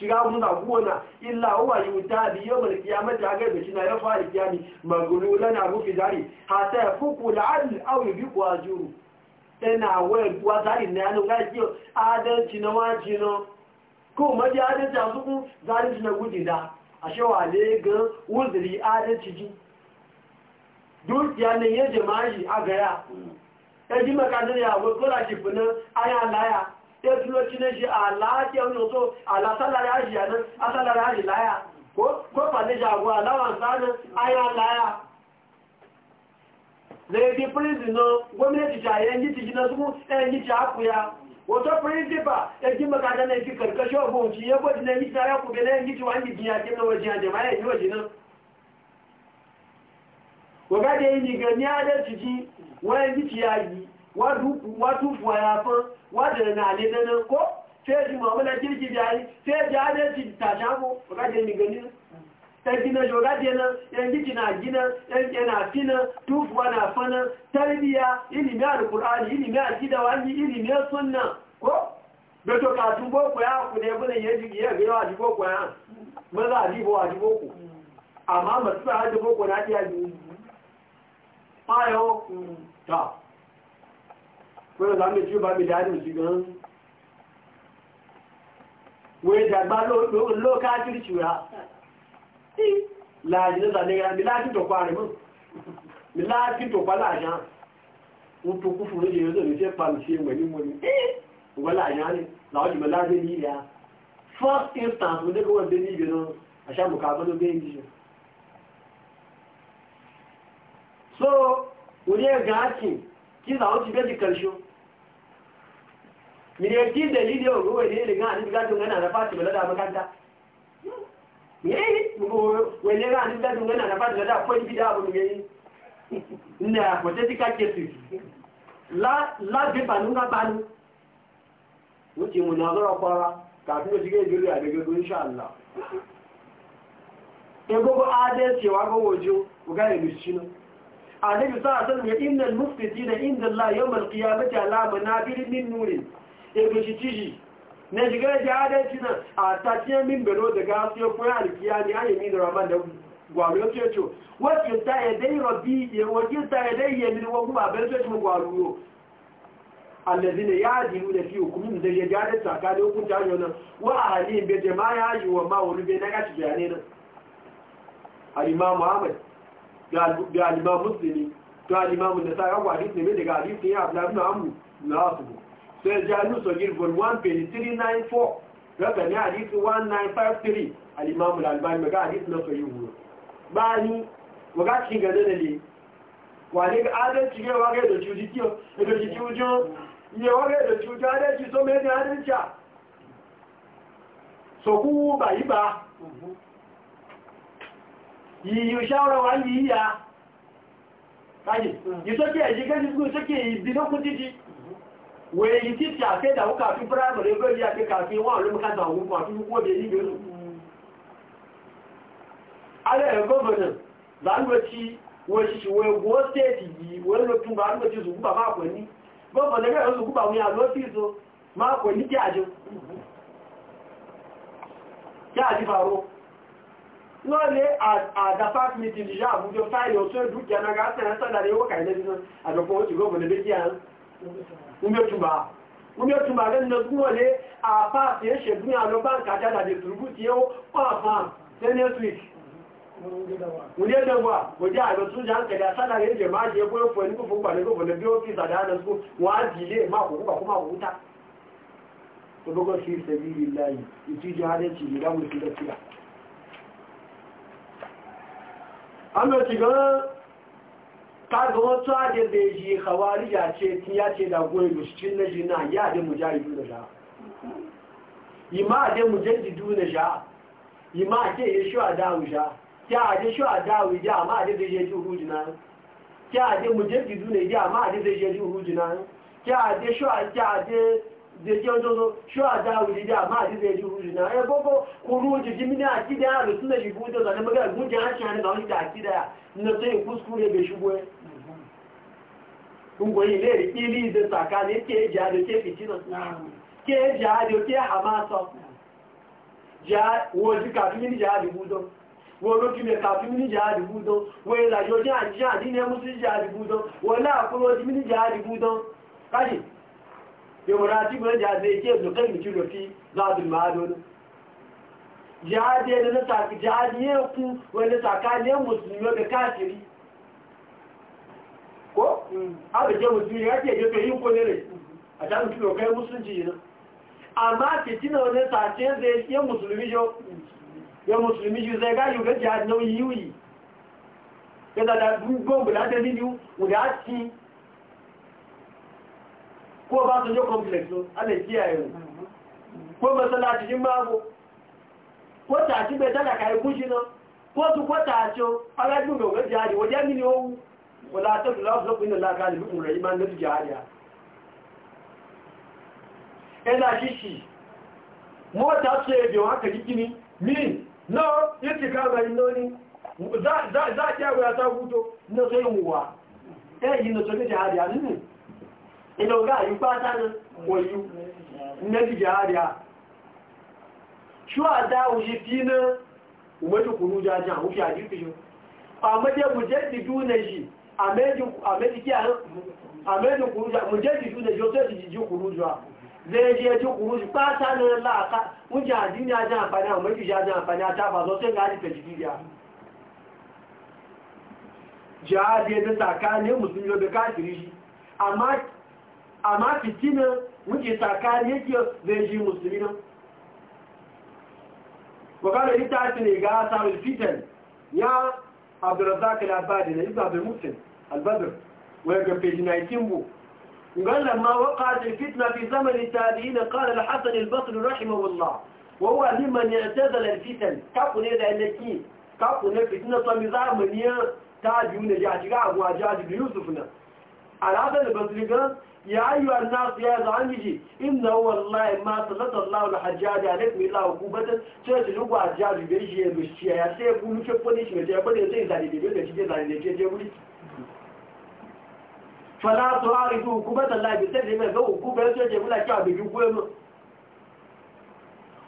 shiga muna gona illa huwa yuta bi yawmal qiyamati aga da shi na ya fara kiyami magululan abu fizari hatta yafuku al'adl aw yubiqu ajuru ina wa duwa ne anu ga ji adalci na waji no ko ma ji adalci azu ku zari na gudi da ashe wa le ga uzuri adalci ji dukiya ne ya jama'i a gaya mm. ya ji makadar ya wakola shi funan aya laya tẹ́túlọ́ tí ní ṣe àlàájẹ́ ọ̀nà tó àlàsálàrí àjì àná asálàrí àjì láyà kó pàdéjà àwọn aláwàntánà ayá láyà lèdí prínsì náà gómìnàtì ṣàyẹ ẹni ti jiná súnmú ẹni ti àkúya wòtó prínsìpà ẹjí mọ́kàtà náà ti kẹ̀kẹ́ṣọ́ ọgbọ̀n tí yẹ bó jiná ẹni ti ara kù bẹ̀rẹ̀ ẹni ti wà ní jìyà jẹ́ náà jìyà jẹ́ máa ti wadu boya fa wadu na ne dana ko sai ji mamala kirki jari sai ji adalci tashamu ga je ni gani ta gina yoga jena yan giki na gina yan yana fina tufuwa na fana tarbiya ilimi alqur'ani akida wani ilimi sunna ko beto ka tun ya ku ne bane yaji ya ga yawa boko ya maza ji bo aji boko amma masu aji wọ́n lọ́la méjì ó bá mi dáadé òsì gan-an wọ́n ìdàgbà lóòkáàkiri ṣùgbà láàájì lọ́ta lẹ́gbẹ̀rẹ́ mi láàájì tọ̀pá rẹ̀ mọ́ mi láàájì tọ̀pá láàájá ń tó kú fún lóye lọ́sọ̀ lóṣẹ́ pa mi ṣe mọ̀ ní mọ̀ ní ọgbà láàájá ni làwọn ti bẹ́ẹ̀ di mireti dalili ogowe ne ile gan ni gato ngana na fati bala da makanta yei mo wele gan ni gato ngana na fati bala da ko bi da abu ngi na ko te tika kesu la la de banu na banu wuti mu na zoro kwara ka fi o dige jiri a daga go insha Allah e gogo ade cewa go wojo ko ga ilu shino annabi sallallahu alaihi wasallam ya innal muftitina inda Allah yawm al-qiyamati ala manabir min nurin ebishiciji na shiga yaji adalci nan a tashiyar min bero da gasu ya koya alkiya ne ya yi da raman da gwaro ya ce ce wakil ta ya dai rabbi ya wakil ta ya dai ya min wa kuma abin ya dilu da fiye hukumin da ya adị ta a yau nan wa a ya yi wa ma'ulu bai na gashi bayanai nan al'imamu ahmad ga al'imamu musulmi ga al'imamu da ya sai jami'u sogir vol 1 page 394 raka ne hadisi 1953 al'imamu al'albani maga hadisi na soyi wuro bayani waga cikin gane da ne wane ga adalci ne waga da cuji kiyo da cuji cujo ne waga da cuji adalci so mai da adalci so ku ba yi ba yi yi shawara wa yi ya kaji yi soke ya ji gaji su soke yi bi na kutiji wèrè yìí títí àtẹ́dàwó kàfí bíráìmù lè gbé yíya pé kàfí wọ́n olómìkàtà àwọn ọmọ àti wípé òde nílé òun alẹ́ ẹ̀ gọ́vọ̀nà lálùwẹ̀tí wọ́n ṣíṣe wọ́n egbò stéètì yìí wọ́n ló tún lálùwẹ̀tí zùgbà máa pẹ̀ ní gọ́vọ̀nà mẹ́rin zùgbà wọn àlọ́ sí ìzọ máa pẹ̀ ní kíàjọ kíàjì fàró wọ́n lé àdáfàt mítìlì yá àbújọ fáìlì ọ̀tún ẹ̀dùkì a e e sẹ́rẹ́ umetumba umetumba lẹ́nu lọ́gbọ́n wọlé àpá àti ẹ̀ṣẹ̀gbọ́n àlọ́ báńkì àjádàdé tùrùkù tí ó pàfàn tẹ́lẹ̀twìk uliedogwa goje àjọ tún jà ń tẹ̀lé àsádàrí èdè máa jẹ ẹgbẹ́ òfò ẹni kò fún gbàlẹ́ gbogbo bí ó fi ìsàdá àná sún wọ́n á jì ilé máa kòkó kòkó máa wúta ológo fi ìsẹ̀bí ìlà yìí ìtújú adé ti ìdáwó ìsìlẹ̀ síra. àmì òtì gan-an kaga wasu hajjar da ya ji hawari ya ce ya ce da goyi mushkin na jina ya da mujahidu na sha ima da mujahidu na sha ma ke yi shi a dawu sha kya a shi a dawu ya ma da zai je hujina na kya a mujahidu ne ya ma da zai je hujji na a shi a kya a da zai je wajen shi a dawu ya ma da zai je hujji ya eh, gogo kuru a kida ya rusu na shi hujji na magana gujin hancin hannun da wani da a kida ya na sai kuskure bai shigo ya kungo yi ne rikili da tsakani ke jado ke fitina ah. ke jado ke hamasa wo ji kafin mini jihadi budon wo lókí mẹ kafin mini jihadi budon wo ìlàjò ní àjíyàn ní ẹmú sí jihadi budon wo láàkúrò ojú mini jihadi budon káyì ìwòrán tí mọ́ jihadi ike ìlúkẹ́ ìmìtì lọ sí láàbìn máa lónà jihadi ẹni jihadi yẹn kú wẹ̀lẹ́sàká ní mùsùlùmí ọdẹ káàkiri ko har da musulmi ya ke gefe yin ko ne a can kilo musulmi musulunci ne amma ke tina wani sace zai yi musulmi ya musulmi jo zai gayu ga jihar nauyi yi ya da da gbogbo bulata biyu guda ci ko ba su jo complex no ana kiyaye mu ko masalaci wala ta kula su kuma la ka libu mu rayman na tijariya ina shishi mota ce da waka kini min no yace ka ga inoni za za za ta ga ta huto na sai muwa eh yin to ne jihadiya ne ina ga yi na koyu na tijariya shuwa da wuce fina umatu kunu jajan àmẹ́jù kùrújù mo jẹ́ ìjú lè jọ tó ti jíjú kùrújù à lẹ́ẹ̀dí ẹjú kùrújù pátá ní láàká ń jẹ́ àdí ní ajá àǹfàní àwọn méjì ajá àǹfàní àtàbà lọ tẹ́ láti pẹ̀jù dídíà jẹ́ àdí ẹjọ́ tàká ní mùsùlùmí lóbi káàkiri yìí àmá fìtí náà ń jẹ́ tàká ní kí lẹ́ẹ̀dí mùsùlùmí náà وقال البدر ويقف في جنايتين قال لما وقعت الفتنة في زمن التابعين قال الحسن البصري رحمه الله وهو ممن اعتزل الفتن تقول إذا إيه إنكي كفن الفتنة صمزاء من تاجون جاجقاء بيوسفنا على هذا البطل قال يا أيها الناس يا زعمجي إنه والله ما صلت الله الحجاج عليكم إلا عقوبة تسلوا حجاج بيجي يمشي يا سيبوا مش فنيش مش يبدو يسير زاني بيجي يسير زاني بيجي يسير fala to a ibu hukumata labi tẹ́lẹ̀ mẹ́fẹ́ hukumar tó jẹ́ múlá kí a bèbí gbé mọ́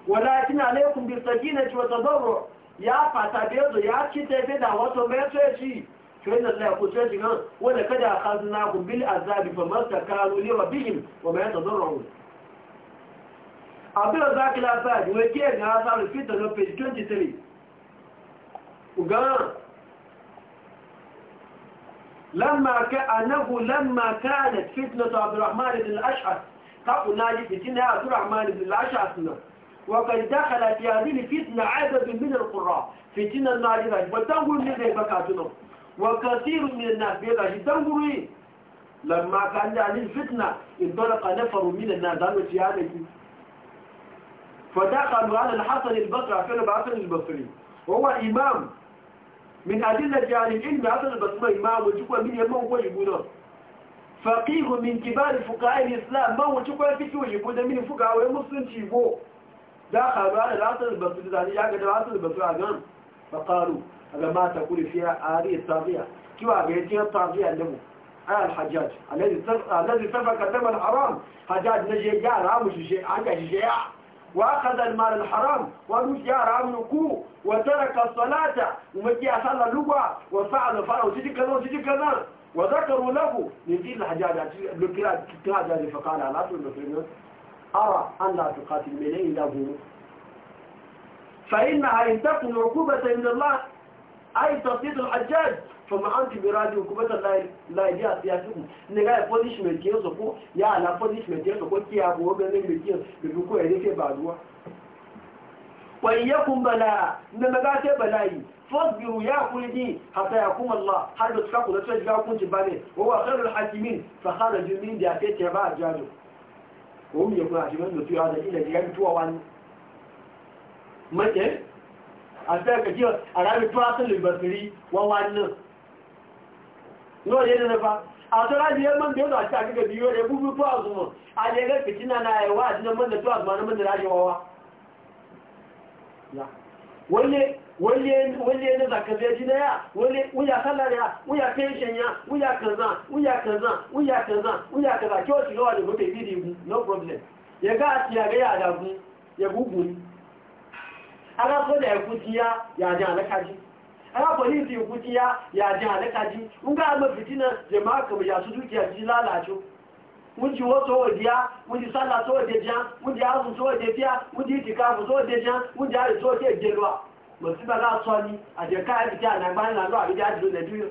wọ́la tí na lẹ́kùn bí sọ́jí na ci wata zọ́rọ̀ ya fata bí ẹzọ ya ci tẹ́fẹ́ da wata mẹ́tọ́ẹ̀sì tí ó e yẹn lẹ́kùn tó jẹ́ gan wọ́n kada a kan na kun e bil azabi fa 23 لما كأنه لما كانت فتنة عبد الرحمن بن الأشعث قبل ناجي فتنة عبد الرحمن بن الأشعث وقد دخل في هذه الفتنة عدد من القراء فتنة ناجي وتنقل من ذي بكاتنا وكثير من الناس بيضاش تنقل إيه؟ لما كان هذه الفتنة انطلق نفر من الناس قالوا هذا فدخلوا على الحسن البصري فين الحسن البصري وهو إمام من أدلة على العلم عدد بطمع إمام وتقوى من يمون ويبونا فقيه من كبار فقهاء الإسلام ما وتقوى فيك ويبونا من فقهاء ومسلم تيبو داخل على العصر البصري ذلك يعقد العصر البصري عقام فقالوا هذا ما تقول فيها هذه الطاغية كيف أبيتها الطاغية النمو على الحجاج الذي سبق دم الحرام حجاج نجي جاء رامش شيء عجل شيء وأخذ المال الحرام ورجع حرام نكو وترك الصلاة ومجي أصلى اللغة وفعل فعل وتجي كذا وتجي كذا وذكروا له من ذي الحجاج الحجاج فقال لا المسلمين أرى أن لا تقاتل إلا هو فإنها إن تكن عقوبة من الله ai tafsirul hajjaj to ma anti bi biradi ku lai lai dia dia tuku ne ga punishment ke so ko ya la punishment ke so ko ti abu ga ne me be bi ko ya ke ba duwa wa yakum bala ne ma maga ce bala'i fasbiru ya kulji hatta yakum Allah har da tsaku da tsaji ga kunji bane wa wa khairul hakimin fa kharaju min dia ke ke ba jajo ko mu yakuna jiman da tuya da ila ga tuwa wani mace àtẹ́ẹ̀kẹ̀ tí àrábí tó ásìlì ìgbẹ̀sìrí wọ́n wá náà náà yẹ́ nẹ́fà àtọ́lájì yẹ́ mọ́n bí ó náà àti àkíkẹ̀ bí yóò rẹ̀ búrú tó àzùmọ̀ ayẹ́gẹ́ kìtì náà ẹ̀wà àti náà mọ́n tó àzùmọ̀ náà mọ́n ráyẹ wọ́wá wọ́n yẹ́ nẹ́fà kẹfẹ́ jí náà wúyà sálàrẹ̀ wúyà pẹ́ṣẹ̀ yá wúyà kẹzà wúyà kẹzà wúyà kẹzà wúyà kẹzà kí ó ti lọ́wọ́ alábọ́dà ẹ̀kú ti yá yàjẹ́ àlẹ́kájí alábọ̀lì ti ẹ̀kú ti yá yàjẹ́ àlẹ́kájí ń gá àmọ́ fìtínà jẹ̀mọ́ àkàmù yàtú dúkìá sí lálàájú mun ji wasu wajiya mun ji sallah so waje jiya mun ji azun so waje jiya mun ji itikafu so waje jiya mun ji ari so waje jeluwa musulma za su ni a jeka ya fita na bayan na zuwa idan ajiyar na biyu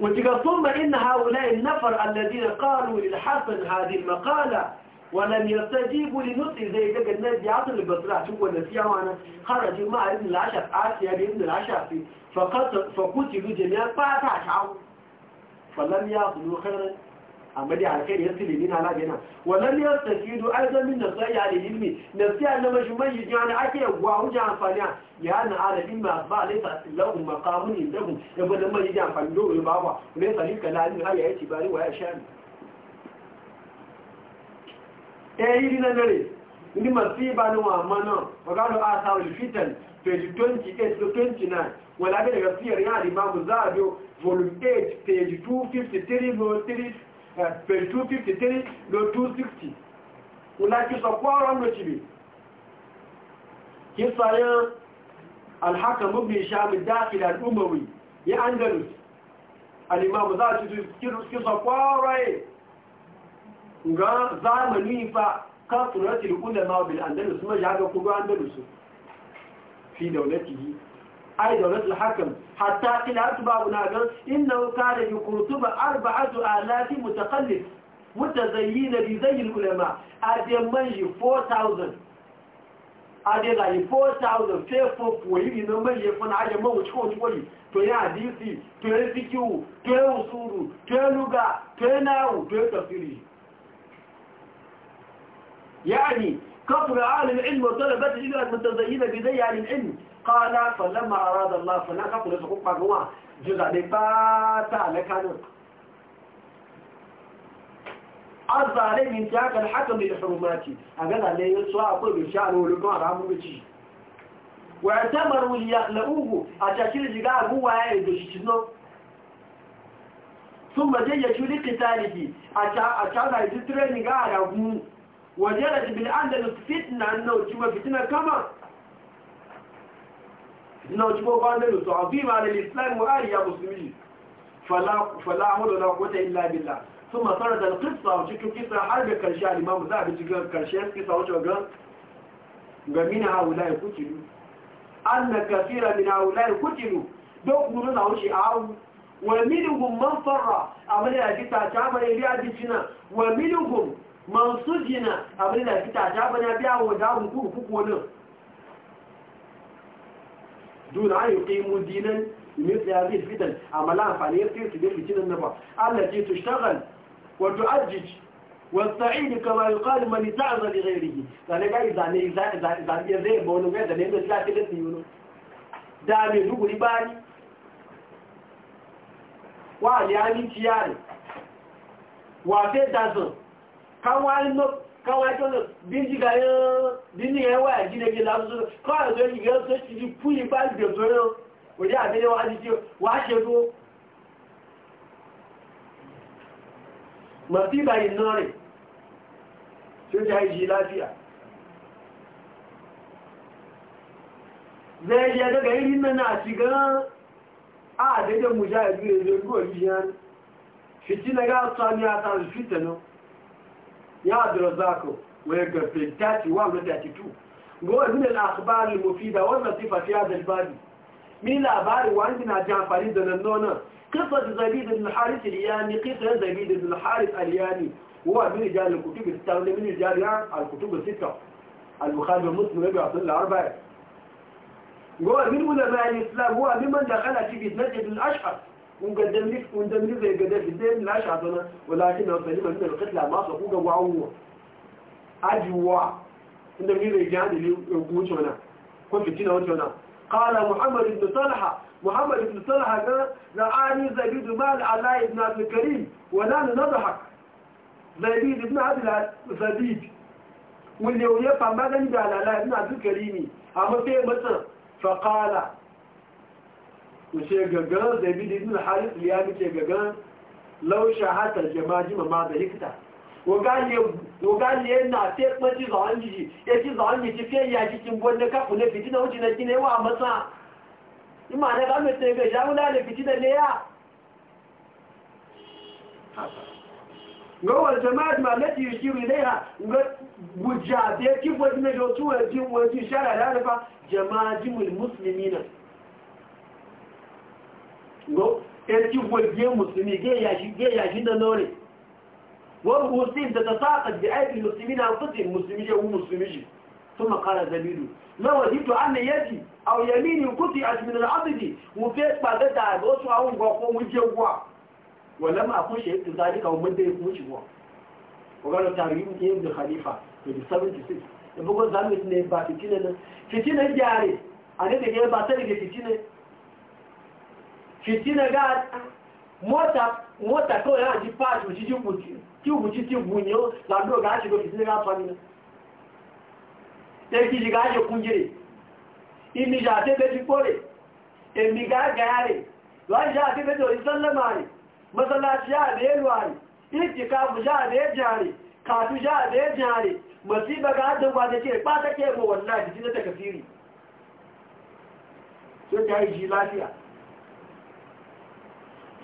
وتقول ثم إن هؤلاء النفر الذين قالوا للحسن هذه المقالة ولم يستجيبوا لنصر زي كده الناس دي عطل البصراء شوفوا النسيعة معنا خرجوا مع ابن العشق آسيا يعني بابن العشق فقتلوا جميعا بعد عشعوا فلم يأخذوا خيرا amma dai alkhairi ya sili min hala bina wannan ne ta kidu aidan min nasiya da ilmi nasiya na mashi mai jani ake gwa huja amfani ya na ala ilma ba lai ta lahu maqamun indahum ya ba da mai jani amfani do ba ba ne sai kalani ha ya ci bari wa ya shani eh yi na dare ni masiba ni wa mana wa galo asawul fitan page 28 to 29 wala ga daga siyar ya al-imam zabi volume 8 page 253 3 pẹ̀lú 253 lo 260 ìlàkìsọ̀ kó ọ̀rọ̀ ló ṣìbì kí sọ́yán alhakamu bin sami dáfil al'umawi ya andalus alimamu za su kí sọ kó ọ̀rọ̀ ẹ̀ ga zamani fa kasuratil ulama bil andalus ma ya ga kuma andalus fi daulatihi أيضا دولة حكم حتى قل أتباع ناقل إنه كان يكرتب أربعة آلاف متقلب متزيين بزي العلماء أدي منجي 4000 أدي غالي 4000 في فوق ويبي نمجي فن عجم موش كوش ولي تويا ديسي تويا سيكيو تويا وصورو تويا لغا تويا ناو تويا تفيري يعني كفر عالم علم وطلبات الإجراءات متزينة بزي عالم علم قال فلما أراد الله فلا كفر لسقوق مجموعة جزء لباتا لكانت arza alai min takal hakan bil hurumati aga da a takir diga guwa ya yi shi tino thumma jayya shuli qitalihi a ta a ta da training ga ragu wajarat fitna náà tí ó bá ń lèrò tó àbí ìmá lè islam wá àríyá musulmi fàlá àmúlò náà kóta ilá bílá tó ma sára da kìsà cikin kìsà har da karshe alimamu za a bi cikin karshe kìsà wacce gan ga mina haula ya kutilu an na kafira mina haula ya kutilu don kuru na wuce دون أن يقيموا دينا مثل هذه الفتن أما لا أنفعني يصير تدير فتنة النفع التي تشتغل وتؤجج واستعين كما يقال من استعز لغيره يعني قال إذا إذا إذا يزيد بونو قال إذا نمت لا تلتني يونو دامي نقول باني وعلي عني تياري وعفيت دازن كان وعلي نقل kawai tó bí jíga bí ní ẹwà ìjínlẹ̀gbẹ̀ lásán kọ́wàá tó yìí gẹ́ọ́ tó ti di fún ìbá ìgbẹ̀ tó rán òdí àbẹ́lẹ̀ wá ní tí wá ṣe tó mọ̀ sí ìbá iná rẹ̀ tó já ìjì láfíà lẹ́yìn ẹgbẹ́gbẹ́ yìí nínú àti gan àdẹ́jẹ́ mú já ìlú èrè orí òyìn yán fìtínagá sọ ní àtàrí fìtẹ̀ يا عبد ويقف في التاتي التاتي تو جوه من الأخبار المفيدة واللطيفة في هذا الباب من الأخبار وعندنا جان فريد النونة قصة زبيد بن الحارث الياني قصة زبيد بن الحارث الياني هو من رجال الكتب الستة من رجال الكتب الستة البخاري المسلم وابي عبد الله أربعة من علماء الإسلام هو ممن دخل في بيت فتنة الأشهر undamni zai gada fi sai na shafa nan walakin na sani mai da kitla ma su kuga wawo ajiwa undamni zai gada da hukunci wana ko قال محمد بن صلحة محمد بن صلحة رآني زبيد مال على ابن عبد الكريم ولا نضحك زبيد ابن عبد الزبيد واللي يفهم ماذا نبي على ابن عبد الكريم أما فيه مثلا فقال وشي غغان زيد بن الحارث اليامي شي غغان لو شاهدت الجماعه ما ذلكتا وقال لي وقال لي ان اتيك ما تي زانجي يجي زانجي تي في يا جي تيمبو نكا كنا بيتنا وجينا جينا وا مسا إما أنا قام يتنقى جاولا لفتنا ليا هو الجماعة ما التي يشير إليها مجادية كيف وزن جوتوها وزن شارع العرفة جماعة المسلمين go eti gwaje musulmi ge ya shi ge ya shi da nore wal muslim da tasaqad bi ayyi muslimin an qati muslimi ya muslimi ji thumma qala zabilu law wajidtu anna yadi aw yamini qati'at min al-'adli wa fi qada da go so awun go ko mu je gwa wala ma kun shi yadda zalika wa mudda ku ci gwa ko ga tarihi ibn da khalifa da 76 da bugo zamu ne ba fitina fitina jare a ne da ba fitina ga mota mota kawai yana ji fashi wuci ji wuci ti gunyo lando ga shi go fitina ga fami na te ki ji ga shi kunjire imi ja te be ji pore emi ga ga re wa ja te be do sallama re masallaci ya da yelwa re itikafu ja da jare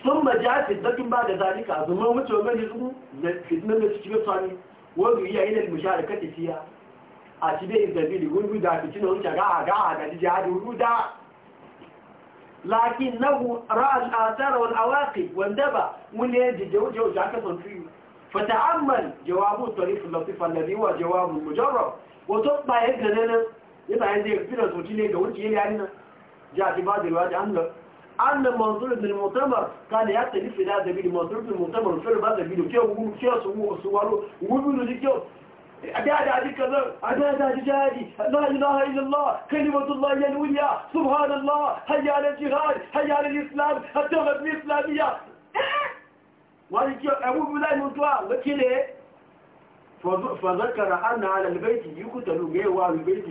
sun ba ja fitnatin ba da zalika zama wuce wa mai zuku fitnan da cikin sani wanda iya yin musharaka da fiya a cikin izabili wuri da fitina wuce ga a ga a ga da wuri da lakin nahu ra'al athar wal awaqib wanda ba mun ne da jawjo ja ka son fiyu fata'ammal jawabu tarif latif alladhi huwa jawabu mujarrab wa tabba yadda nan yana yanda ya fira so ne ga wuce yayin nan ja ti ba da ruwa da Allah أن منظور من المؤتمر كان يأتي في هذا الفيديو منظور من المؤتمر في هذا الفيديو كيف يقول كيف سووا سوالو ويقولوا لي كيف أداد هذه كذا أداد هذه جهادي لا إله إلا الله كلمة الله العليا سبحان الله هيا على الجهاد هيا على الإسلام الدولة الإسلامية وهذه كيف أقول بلا منطوع وكله فذكر أن إيه على البيت يقتلوا غير البيت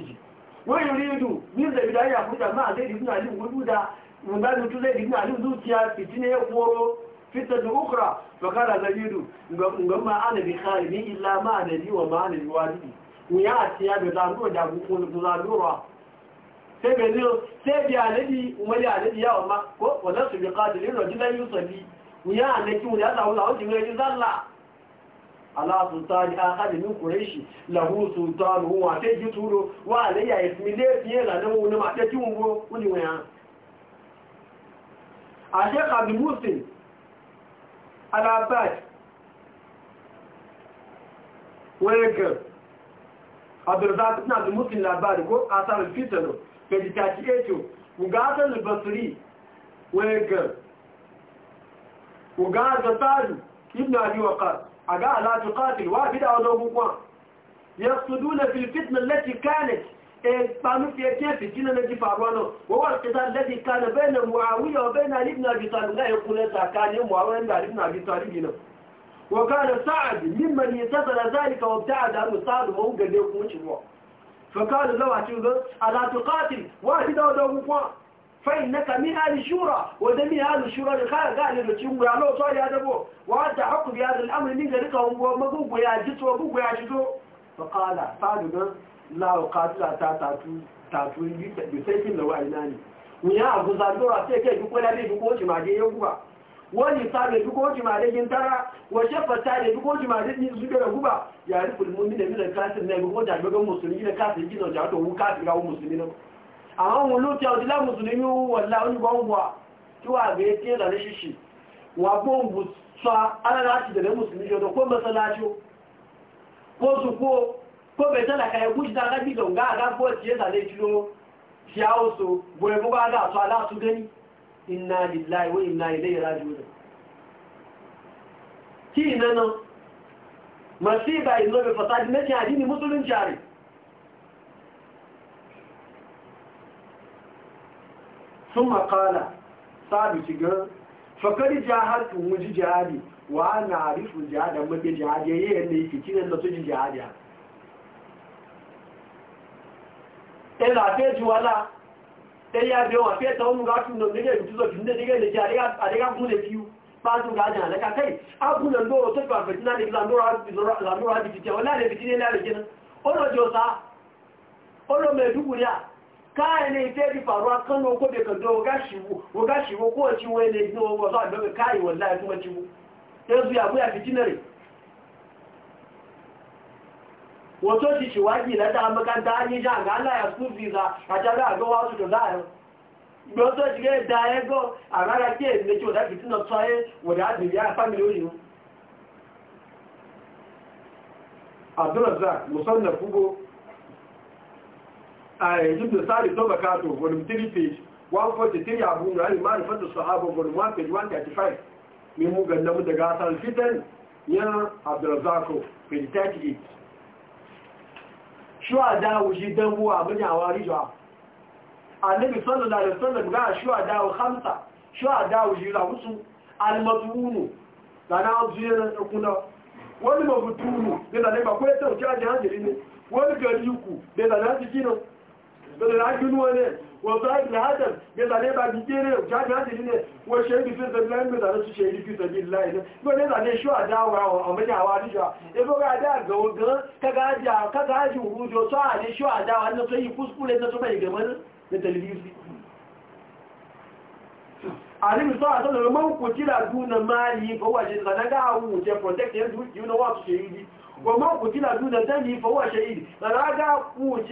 ويريد من البداية يخرج مع زيد بن علي وجودا mbazi tuze digna alim zuciya fitine ya koro fitar da ukra to kada zabiru ga ma'ana bi kharimi illa ma'ana li wa ma'ana li wajibi mu ya ci ya da zando da ku ko zalura sai be ne sai bi alabi umari alabi ya amma ko wala su bi qatilin rajulan yusalli mu ya alaki mu ya zawo zawo ji mai zalla ala sultani akhadi min quraishi lahu sultanu wa tajituru wa alayya ismi lafiya lanan wani ma ta tungo a sheik abdulmusin alabad wegar abdulrazak na abdulmusin labari ko asarar fitano vegetaci eto ugasar albasiri wegar ugasar tsari ibn abiwakar a ga alatu katil wa fi da wajen قاموا في كيف جنا نجي فاروانو وهو القتال الذي كان بين معاوية وبين علي بن أبي طالب لا يقول هذا كان يوم معاوية علي بن أبي طالب هنا وكان سعد ممن ينتظر ذلك وابتعد عنه سعد وهو قال له كوش فقال له عتيبة ألا تقاتل واحد أو دو فإنك من أهل الشورى وده من أهل الشورى الخير قال له تيم يا لو صار هذا بو وأنت حق بهذا الأمر من ذلك هو مقوق ويا جت وقوق ويا جتو فقال سعد láàrùn kátìlá tààtù ìgbésẹ́sì lọ́wọ́ àìná ni ìyá àgùzà lóra tí èké ìdúpẹ́ lábẹ́ ìdúpẹ́ ó ti máa dé yóò wọ́n ní sáré dúkọ́ ó ti máa dé jí ń tára wọ́n ṣe fẹ̀tà rẹ̀ dúkọ́ ó ti máa dé ní ìsúgbẹ́ rẹ̀ gúbà yàrá ìpòlùmọ́ nílẹ̀ nílẹ̀ káàsì náà gbogbo dàgbẹ́gbẹ́ mùsùlùmí nílẹ̀ káàsì jìnà jà tó wú káàsì ra mùsùlùmí náà àwọn ohun ló tẹ ọdí lámùsùlùmí wọ̀lá onígbọ̀ngbọ̀ tí wà ko bai tana kayan guji da rabi ga ga ga ko ciye da zai kiro ciyawo so goye ko ga ga su ala su gani inna lillahi wa inna ilaihi raji'un ki nan nan masiba izo be fasadi ne ti adini musulun jari ثم قال ثابت قال فقد جاهدت مجي جهادي tẹ́lá àfẹ́jú wá láà tẹ́lá àbẹ́ wọn àfẹ́ tọ́ mú gáàtù nà nílẹ̀ ìtúzọ̀ kì nílẹ̀ nílẹ̀ nílẹ̀ ji lè fi pàtó gáàjẹ̀ àlẹ́ka tẹ́lì ágùn lọ lóòrò tó pàfẹ́ tí náà lè lànúrà àbìtì jẹ́ wọn láàrẹ̀ bìtì nílẹ̀ àrẹ̀ jẹ́nà olóòjò sá olóòmẹ̀ ìdúkùnrin à káàrin ìfẹ́ na faruwa wato shi shiwaki na ta makanta an yi jan ga Allah ya su visa a ta ga ga wasu da zai wato shi ga da ya go a rara ke ne ki da fitina tsaye wada da ya family oyin Abdulrazak musannaf Hugo a yanzu da sari to bakato volume 3 page 143 abu na al-mani fatu sahaba volume 1 page 135 min mu ganna mu daga asal fitan ya Abdulrazak page 38 shuhada wuji dambu a mun yawa rijuwa annabi sallallahu alaihi wa khamsa shuhada wuji la husu almatunu lana zuyana kuna wani mabutunu da ne ba ko ya tauce a jihar jirgin wani gari yuku بالعجل ولا وضعب الهدف قال عليه بعد كده وجاد هذه هنا وشهد في سبيل الله مثلا شو شهد في سبيل الله هنا قال لنا ليه شو ادعوا او مجا وارجع يبقى قاعد اغو غن كغاجا كغاجي وجو صار ليه شو ادعوا انه تي فسكول انه تبقى يجمل للتلفزيون àríwí sọ́rọ̀ àtọ́lọ̀lọ́mọ́ òkú tí làdúnà máa yí fọwọ́ àṣẹ́sànágáàwò jẹ́ protect and do you know what to ṣe yìí وما قتل دون ذنبه فهو شهيد راجع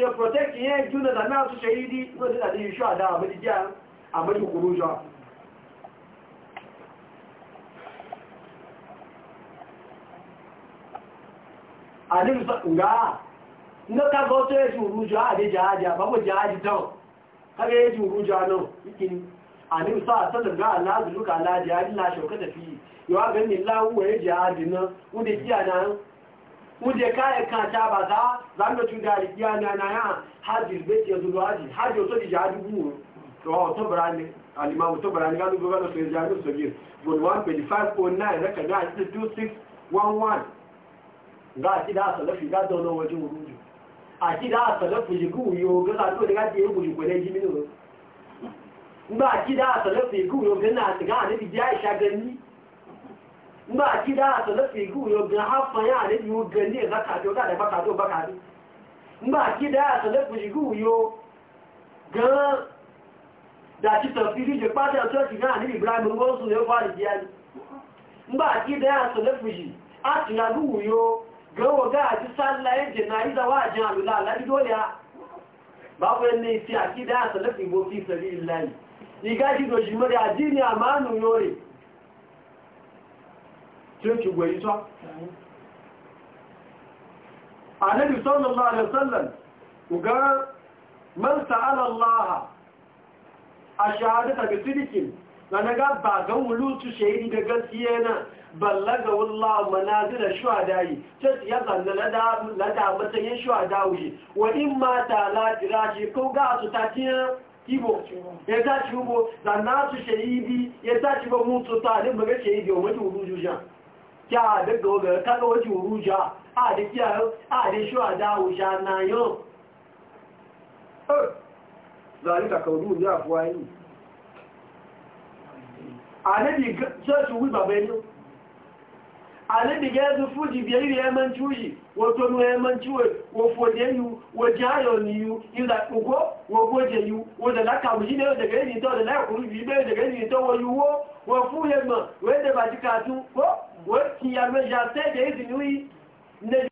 a protect da nasu shahidi na da da yusha da abin jiya abin kuruja nga na ka go to yesu ruja a jaja a mu jaji to kaga yesu ruja no ikin alim a sadan ga Allah zuluka Allah jaji na shauka tafi yawa ganin lahu wa jaji na wanda kiya na kuje kayan kanta ba za za mu tun da na ya haji haji to haji bu to to brani to brani ga haji so gir bon 125.9 raka da 2611 ga ti da salafi ga no a ti da salafi ji ku yo ga to ti ku ji ko ji ba ti da ku yo ga na ti ga ne bi sha nígbà tí dára sọ lọ́sẹ̀ ìgú yóò gan afọyín àlejò gan ní ìbákàdó káàdé bákàdó bákàdó nígbà tí dára sọ lọ́sẹ̀ ìgú yóò gan dàtí tọ̀fìlì jẹ pátá ọ̀tọ́ọ̀tì náà ní ìbìlámi wọ́n sùn yóò fàárí jẹ́ ní nígbà tí dára sọ lọ́sẹ̀ yìí á ti ragú yóò gan wọ̀gá àti sálà ẹ̀jẹ̀ náà ìdáwà àjẹ́ àlùlá àládídọ́lẹ̀ báwo ẹni ti àkídá àtọ̀lẹ́fì ìbò fi ìsẹ̀lẹ̀ ìlàyìí ìgájí lòṣìmọ́rẹ̀ àdínì àmánù yóò rèé tí ó ti wẹ̀ yìí tọ́ ànábì sallallahu alaihi wasallam uga man sa'ala allaha ashhadata bi sidqin lana ga ba ga wulutu shehidi da gaskiya na ballaga wallahu manazila shuhada'i ta ya zanna lada lada matsayin shuhada'u wa in ma ta la tirashi ko ga su ta tiya kibo ya ta ci hubo zanna su shehidi ya ta ci ba mutu ta ne ba ga shehidi o mutu rujuja kí a àdẹ́gbà obìnrin jù orú jà àdẹ́ṣù àdá òṣà náà yàn zàríkà kàrù ní àfúwá yìí àdẹ́bì jẹ́ṣù wí bàbá ẹni àdẹ́bì gẹ́ẹ̀dù fújì bí ẹ̀rí ẹmẹ́ntí òyì wọ́tọ́nú ẹmẹ́ntí wọ́fọ́dẹ́yù wọ́jáyọ̀nìyù ìlàkùnkọ́ wọ́gbọ́jẹ̀yù wọ́dẹ̀lákàwùjí wọ́n ti yàgbẹ́jà tẹ́jẹ̀ ìdìní